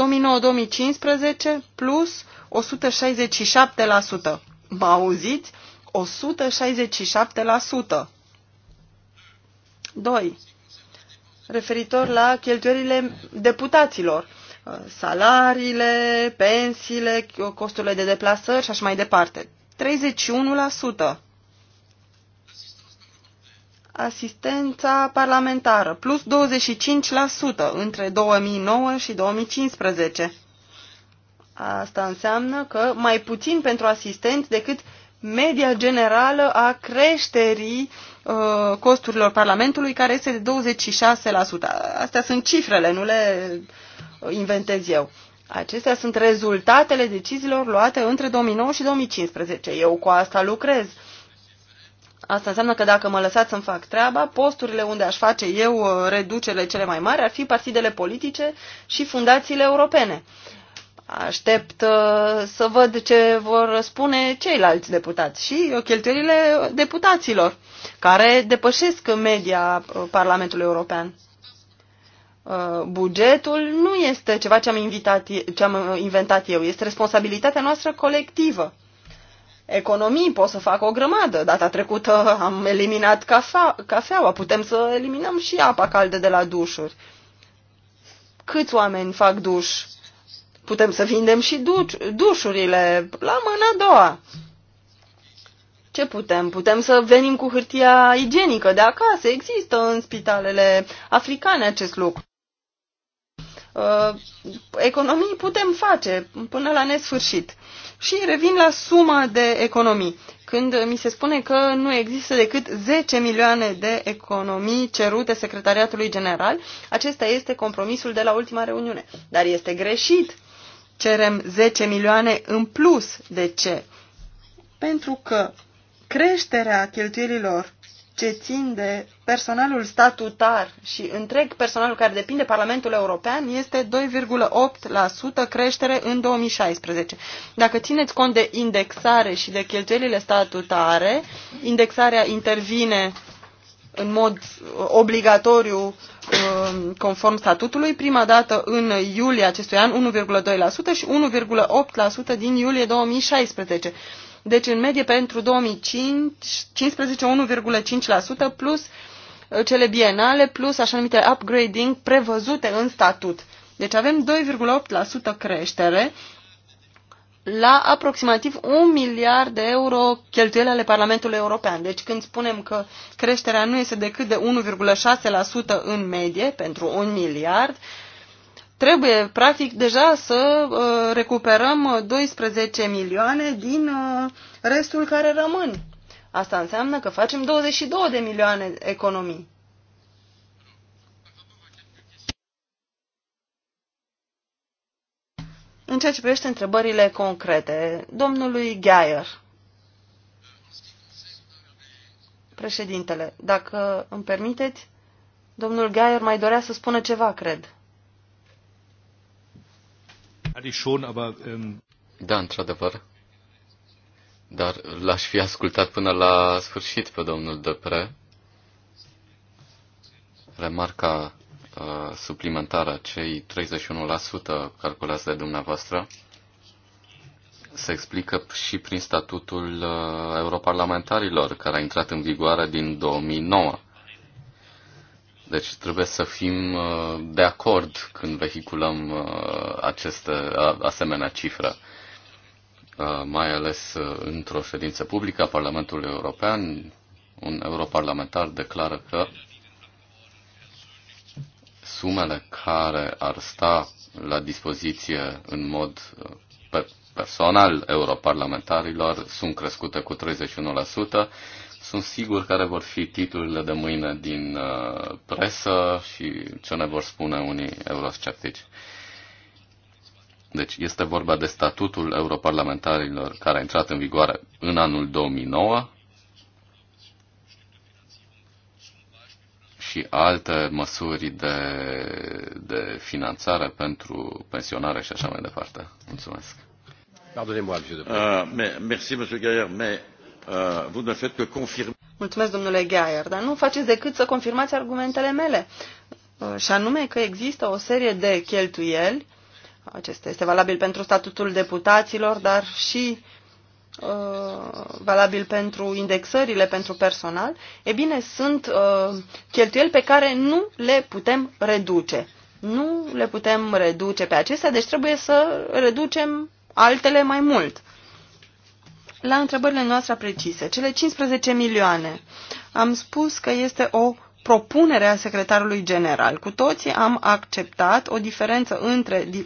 plus 167%. Mă auziți? 167%. 2. Referitor la cheltuielile deputaților, salariile, pensiile, costurile de deplasări și așa mai departe. 31%. Asistența parlamentară, plus 25% între 2009 și 2015. Asta înseamnă că mai puțin pentru asistent decât media generală a creșterii uh, costurilor Parlamentului, care este de 26%. Astea sunt cifrele, nu le uh, inventez eu. Acestea sunt rezultatele deciziilor luate între 2009 și 2015. Eu cu asta lucrez. Asta înseamnă că dacă mă lăsați să-mi fac treaba, posturile unde aș face eu uh, reducerile cele mai mari ar fi partidele politice și fundațiile europene. Uh, Aștept uh, să văd ce vor spune ceilalți deputați și uh, cheltuielile deputaților, care depășesc media uh, Parlamentului European. Bugetul nu este ceva ce am, invitat, ce am inventat eu, este responsabilitatea noastră colectivă. Economii pot să fac o grămadă. Data trecută am eliminat cafea, cafeaua, putem să eliminăm și apa caldă de la dușuri. Câți oameni fac duș Putem să vindem și duș, dușurile la mâna a doua. Ce putem? Putem să venim cu hârtia igienică de acasă. Există în spitalele africane acest lucru. Uh, economii putem face până la nesfârșit. Și revin la suma de economii. Când mi se spune că nu există decât 10 milioane de economii cerute Secretariatului General, acesta este compromisul de la ultima reuniune. Dar este greșit cerem 10 milioane în plus. De ce? Pentru că creșterea cheltuielilor ce țin de personalul statutar și întreg personalul care depinde Parlamentul European este 2,8% creștere în 2016. Dacă țineți cont de indexare și de cheltuielile statutare, indexarea intervine în mod obligatoriu um, conform statutului, prima dată în iulie acestui an 1,2% și 1,8% din iulie 2016. Deci în medie pentru 2015 1,5% plus uh, cele bienale plus așa numite upgrading prevăzute în statut. Deci avem 2,8% creștere la aproximativ un miliard de euro cheltuieli ale Parlamentului European. Deci când spunem că creșterea nu este decât de 1,6% în medie pentru un miliard, trebuie practic deja să uh, recuperăm 12 milioane din uh, restul care rămân. Asta înseamnă că facem 22 de milioane economii. În ceea ce privește întrebările concrete, domnului Geier, președintele, dacă îmi permiteți, domnul Geier mai dorea să spună ceva, cred. Ähm, da, într-adevăr. Dar l-aș fi ascultat până la sfârșit pe domnul Depre. Remarca Uh, suplimentară, cei 31% calculați de dumneavoastră, se explică și prin statutul uh, europarlamentarilor, care a intrat în vigoare din 2009. Deci trebuie să fim uh, de acord când vehiculăm uh, aceste asemenea cifră uh, mai ales uh, într-o ședință publică a Parlamentului European, un europarlamentar declară că sumele care ar sta la dispoziție în mod pe personal europarlamentarilor sunt crescute cu 31%. Sunt sigur care vor fi titlurile de mâine din uh, presă și ce ne vor spune unii eurosceptici. Deci este vorba de statutul europarlamentarilor care a intrat în vigoare în anul 2009 și alte măsuri de, de finanțare pentru pensionare și așa mai departe. Mulțumesc. Pardonnez-moi, monsieur Uh, mais, merci, monsieur mais uh, vous ne faites que confirmer. Mulțumesc, domnule Gaier. dar nu faceți decât să confirmați argumentele mele. Uh, și anume că există o serie de cheltuieli, acesta este valabil pentru statutul deputaților, dar și Uh, valabil pentru indexările pentru personal, e bine, sunt uh, cheltuieli pe care nu le putem reduce. Nu le putem reduce pe acestea, deci trebuie să reducem altele mai mult. La întrebările noastre precise, cele 15 milioane, am spus că este o propunerea secretarului general. Cu toții am acceptat o diferență între uh,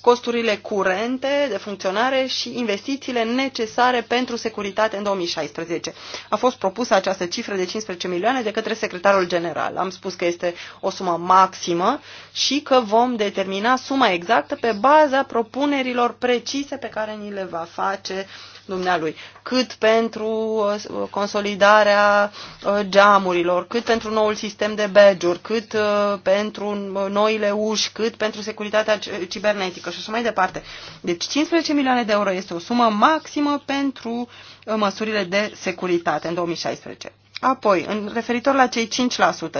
costurile curente de funcționare și investițiile necesare pentru securitate în 2016. A fost propusă această cifră de 15 milioane de către secretarul general. Am spus că este o sumă maximă și că vom determina suma exactă pe baza propunerilor precise pe care ni le va face dumnealui, cât pentru uh, consolidarea uh, geamurilor, cât pentru noul sistem de badge cât uh, pentru noile uși, cât pentru securitatea cibernetică și așa mai departe. Deci 15 milioane de euro este o sumă maximă pentru măsurile de securitate în 2016. Apoi, în referitor la cei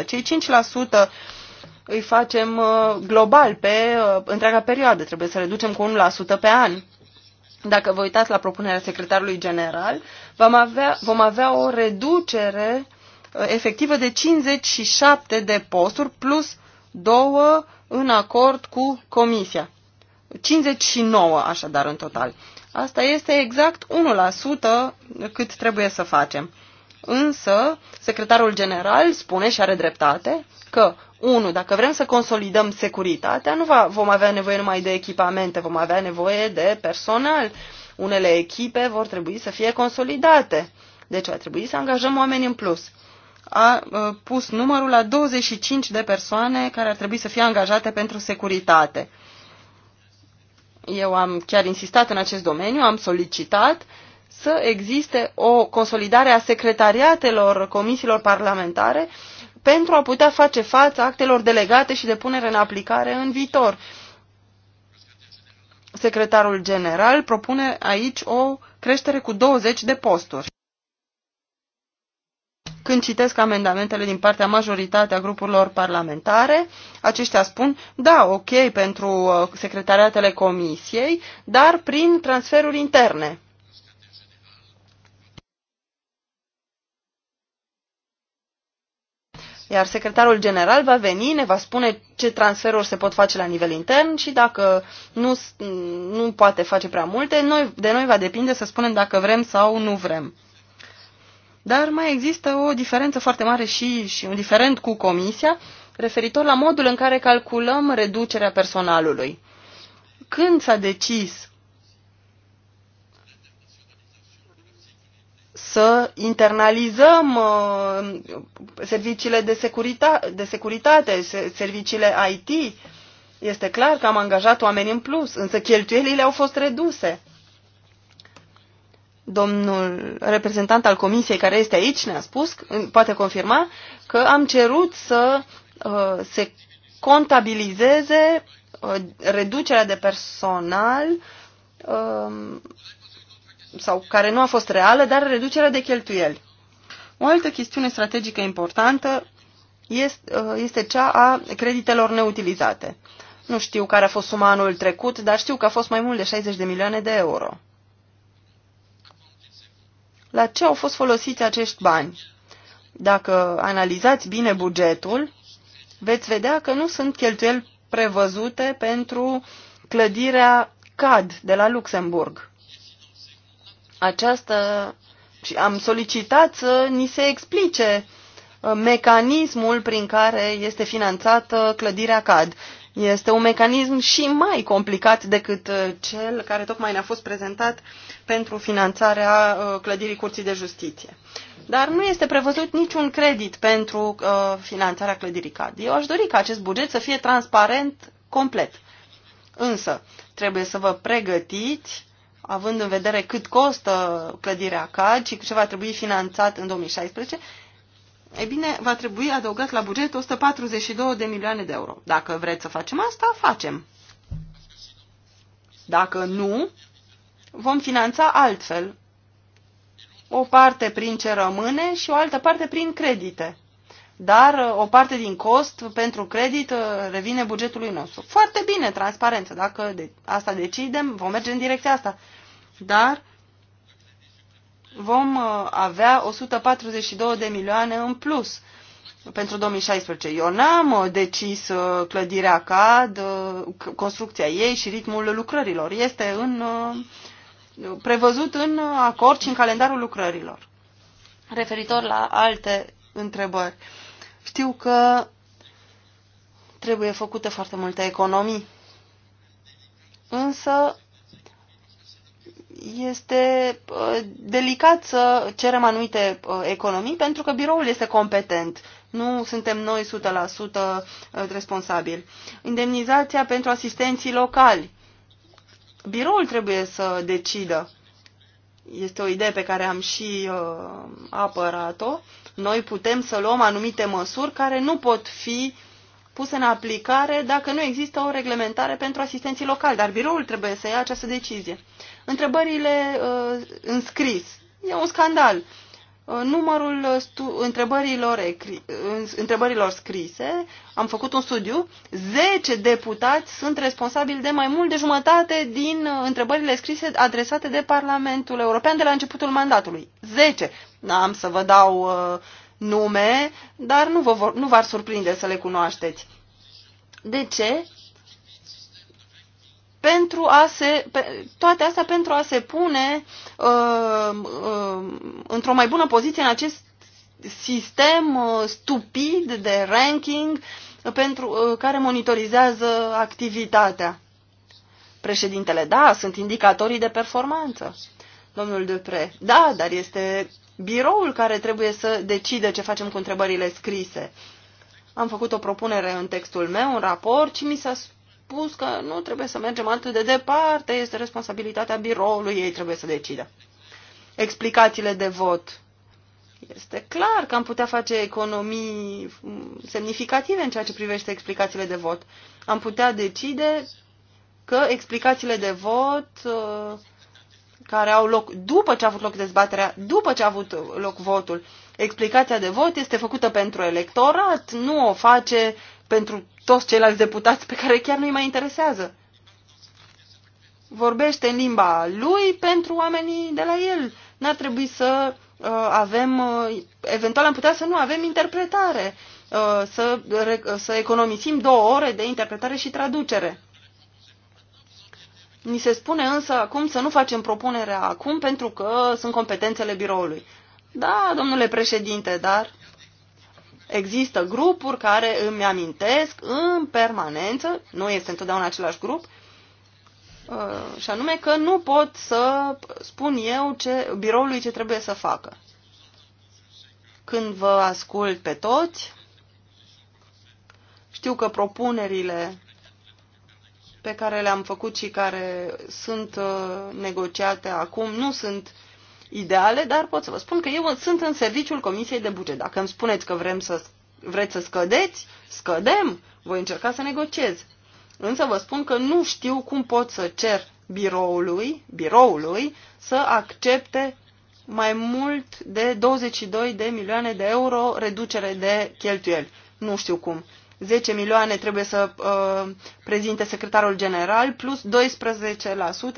5%, cei 5% îi facem global pe întreaga perioadă. Trebuie să reducem cu 1% pe an. Dacă vă uitați la propunerea secretarului general, vom avea, vom avea o reducere uh, efectivă de 57 de posturi plus două în acord cu Comisia. 59 așadar în total. Asta este exact 1% cât trebuie să facem. Însă, secretarul general spune și are dreptate că Unu, Dacă vrem să consolidăm securitatea, nu va, vom avea nevoie numai de echipamente, vom avea nevoie de personal. Unele echipe vor trebui să fie consolidate. Deci va trebui să angajăm oameni în plus. A uh, pus numărul la 25 de persoane care ar trebui să fie angajate pentru securitate. Eu am chiar insistat în acest domeniu, am solicitat să existe o consolidare a secretariatelor comisiilor parlamentare pentru a putea face față actelor delegate și de punere în aplicare în viitor. Secretarul general propune aici o creștere cu 20 de posturi. Când citesc amendamentele din partea majoritatea grupurilor parlamentare, aceștia spun, da, ok pentru uh, secretariatele comisiei, dar prin transferuri interne. Iar secretarul general va veni, ne va spune ce transferuri se pot face la nivel intern și dacă nu, nu poate face prea multe, noi, de noi va depinde să spunem dacă vrem sau nu vrem. Dar mai există o diferență foarte mare și, și un diferent cu comisia referitor la modul în care calculăm reducerea personalului. Când s-a decis să internalizăm uh, serviciile de, securita de securitate, serviciile IT. Este clar că am angajat oameni în plus, însă cheltuielile au fost reduse. Domnul reprezentant al comisiei care este aici ne-a spus, poate confirma, că am cerut să uh, se contabilizeze uh, reducerea de personal uh, sau care nu a fost reală, dar reducerea de cheltuieli. O altă chestiune strategică importantă uh, este cea a creditelor neutilizate. Nu știu care a fost suma anul trecut, dar știu că a fost mai mult de 60 de milioane de euro. La ce au fost folosiți acești bani? Dacă analizați bine bugetul, veți vedea că nu sunt cheltuieli prevăzute pentru clădirea CAD de la Luxemburg această și am solicitat să ni se explice uh, mecanismul prin care este finanțată clădirea CAD. Este un mecanism și mai complicat decât uh, cel care tocmai ne-a fost prezentat pentru finanțarea uh, clădirii Curții de Justiție. Dar nu este prevăzut niciun credit pentru finanțarea clădirii CAD. Eu aș dori ca acest buget să fie transparent complet. Însă, trebuie să vă pregătiți având în vedere cât costă clădirea CAD și ce va trebui finanțat în 2016, e bine, va trebui adăugat la buget 142 de milioane de euro. Dacă vreți să facem asta, facem. Dacă nu, vom finanța altfel. O parte prin ce rămâne și o altă parte prin credite. Dar uh, o parte din cost pentru credit uh, revine bugetului nostru. Foarte bine, transparență. Dacă de asta decidem, vom merge în direcția asta dar vom uh, avea 142 de milioane în plus pentru 2016. Eu n-am uh, decis uh, clădirea CAD, construcția ei și ritmul lucrărilor. Este în, prevăzut în acord și în calendarul lucrărilor. Referitor la alte întrebări, știu că trebuie făcute foarte multe economii. Însă este uh, delicat să cerem anumite uh, economii pentru că biroul este competent. Nu suntem noi 100% uh, responsabili. Indemnizația pentru asistenții locali. Biroul trebuie să decidă. Este o idee pe care am și apărat-o. Noi putem să luăm anumite măsuri care nu pot fi uh, pus în aplicare dacă nu există o reglementare pentru asistenții locali, dar biroul trebuie să ia această decizie. Întrebările uh, înscris. E un scandal. Uh, numărul stu- întrebărilor, ecri- uh, întrebărilor scrise, am făcut un studiu, 10 deputați sunt responsabili de mai mult de jumătate din uh, întrebările scrise adresate de Parlamentul European de la începutul mandatului. 10. N-am să vă dau uh, nume, dar nu, vă vor, nu v-ar surprinde să le cunoașteți. De ce? Pentru a se, pe, toate astea pentru a se pune uh, uh, într-o mai bună poziție în acest sistem uh, stupid de ranking pentru, uh, care monitorizează activitatea. Președintele, da, sunt indicatorii de performanță. Domnul Dupre, da, dar este biroul care trebuie să decide ce facem cu întrebările scrise. Am făcut o propunere în textul meu, un raport, și mi s-a spus că nu trebuie să mergem atât de departe, este responsabilitatea biroului, ei trebuie să decidă. Explicațiile de vot. Este clar că am putea face economii semnificative în ceea ce privește explicațiile de vot. Am putea decide că explicațiile de vot uh, care au loc după ce a avut loc dezbaterea, după ce a avut loc votul. Explicația de vot este făcută pentru electorat, nu o face pentru toți ceilalți deputați pe care chiar nu-i mai interesează. Vorbește în limba lui pentru oamenii de la el. N-ar trebui să uh, avem, uh, eventual am putea să nu avem interpretare, uh, să, uh, să economisim două ore de interpretare și traducere. Ni se spune însă acum să nu facem propunerea acum pentru că sunt competențele biroului. Da, domnule președinte, dar există grupuri care îmi amintesc în permanență, nu este întotdeauna același grup, uh, și anume că nu pot să spun eu ce, biroului ce trebuie să facă. Când vă ascult pe toți, știu că propunerile pe care le-am făcut și care sunt uh, negociate acum nu sunt ideale, dar pot să vă spun că eu sunt în serviciul Comisiei de Buget. Dacă îmi spuneți că vrem să, vreți să scădeți, scădem, voi încerca să negociez. Însă vă spun că nu știu cum pot să cer biroului, biroului să accepte mai mult de 22 de milioane de euro reducere de cheltuieli. Nu știu cum. 10 milioane trebuie să uh, prezinte secretarul general, plus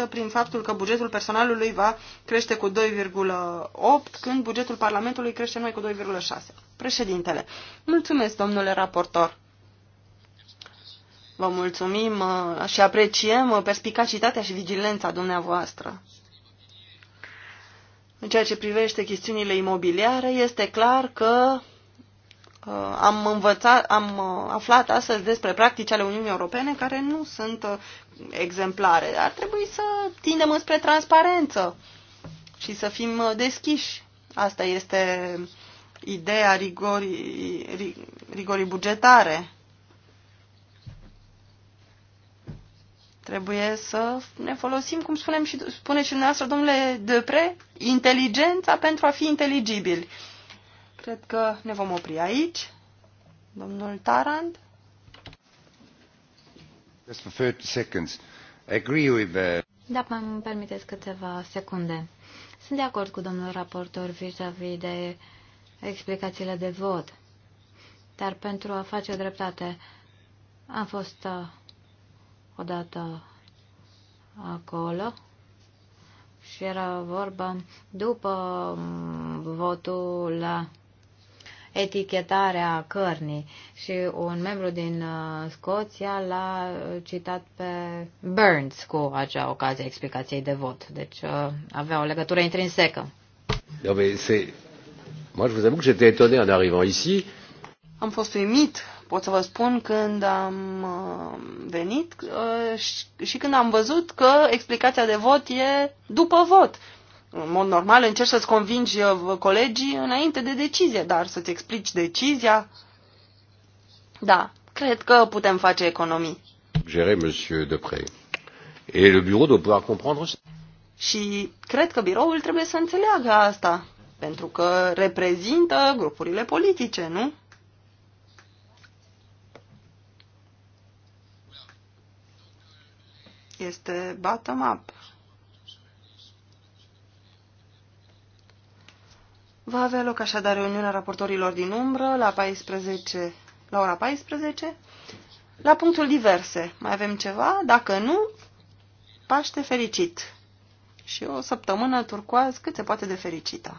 12% prin faptul că bugetul personalului va crește cu 2,8, când bugetul Parlamentului crește numai cu 2,6. Președintele, mulțumesc, domnule raportor. Vă mulțumim uh, și apreciem uh, perspicacitatea și vigilența dumneavoastră. În ceea ce privește chestiunile imobiliare, este clar că Uh, am învățat, am uh, aflat astăzi despre practici ale Uniunii Europene care nu sunt uh, exemplare. Ar trebui să tindem înspre transparență și să fim deschiși. Asta este ideea rigorii, rigorii bugetare. Trebuie să ne folosim, cum spunem și, spune și dumneavoastră, domnule Depre, inteligența pentru a fi inteligibili Cred că ne vom opri aici. Domnul Tarand. Just for 30 seconds. agree with, the... Uh, da, îmi permiteți câteva secunde. Sunt de acord cu domnul raportor vis-a-vis de explicațiile de vot. Dar pentru a face dreptate, am fost uh, odată acolo și era vorba după um, votul la etichetarea cărnii și un membru din uh, Scoția l-a uh, citat pe Burns cu acea ocazie explicației de vot. Deci uh, avea o legătură intrinsecă. Non, mais Moi, je vous avoue que j'étais étonné en arrivant ici. Am fost uimit, pot să vă spun, când am venit și când am văzut că explicația de vot e după vot. În mod normal încerci să-ți convingi uh, colegii înainte de decizie, dar să-ți explici decizia. Da, cred că putem face economii. Gere, monsieur Depré. Et le bureau doit pouvoir comprendre ça. Și cred că biroul trebuie să înțeleagă asta, pentru că reprezintă grupurile politice, nu? Este bottom-up. Va avea loc așadar reuniunea raportorilor din umbră la, 14, la ora 14. La punctul diverse, mai avem ceva? Dacă nu, Paște fericit! Și o săptămână turcoaz cât se poate de fericită!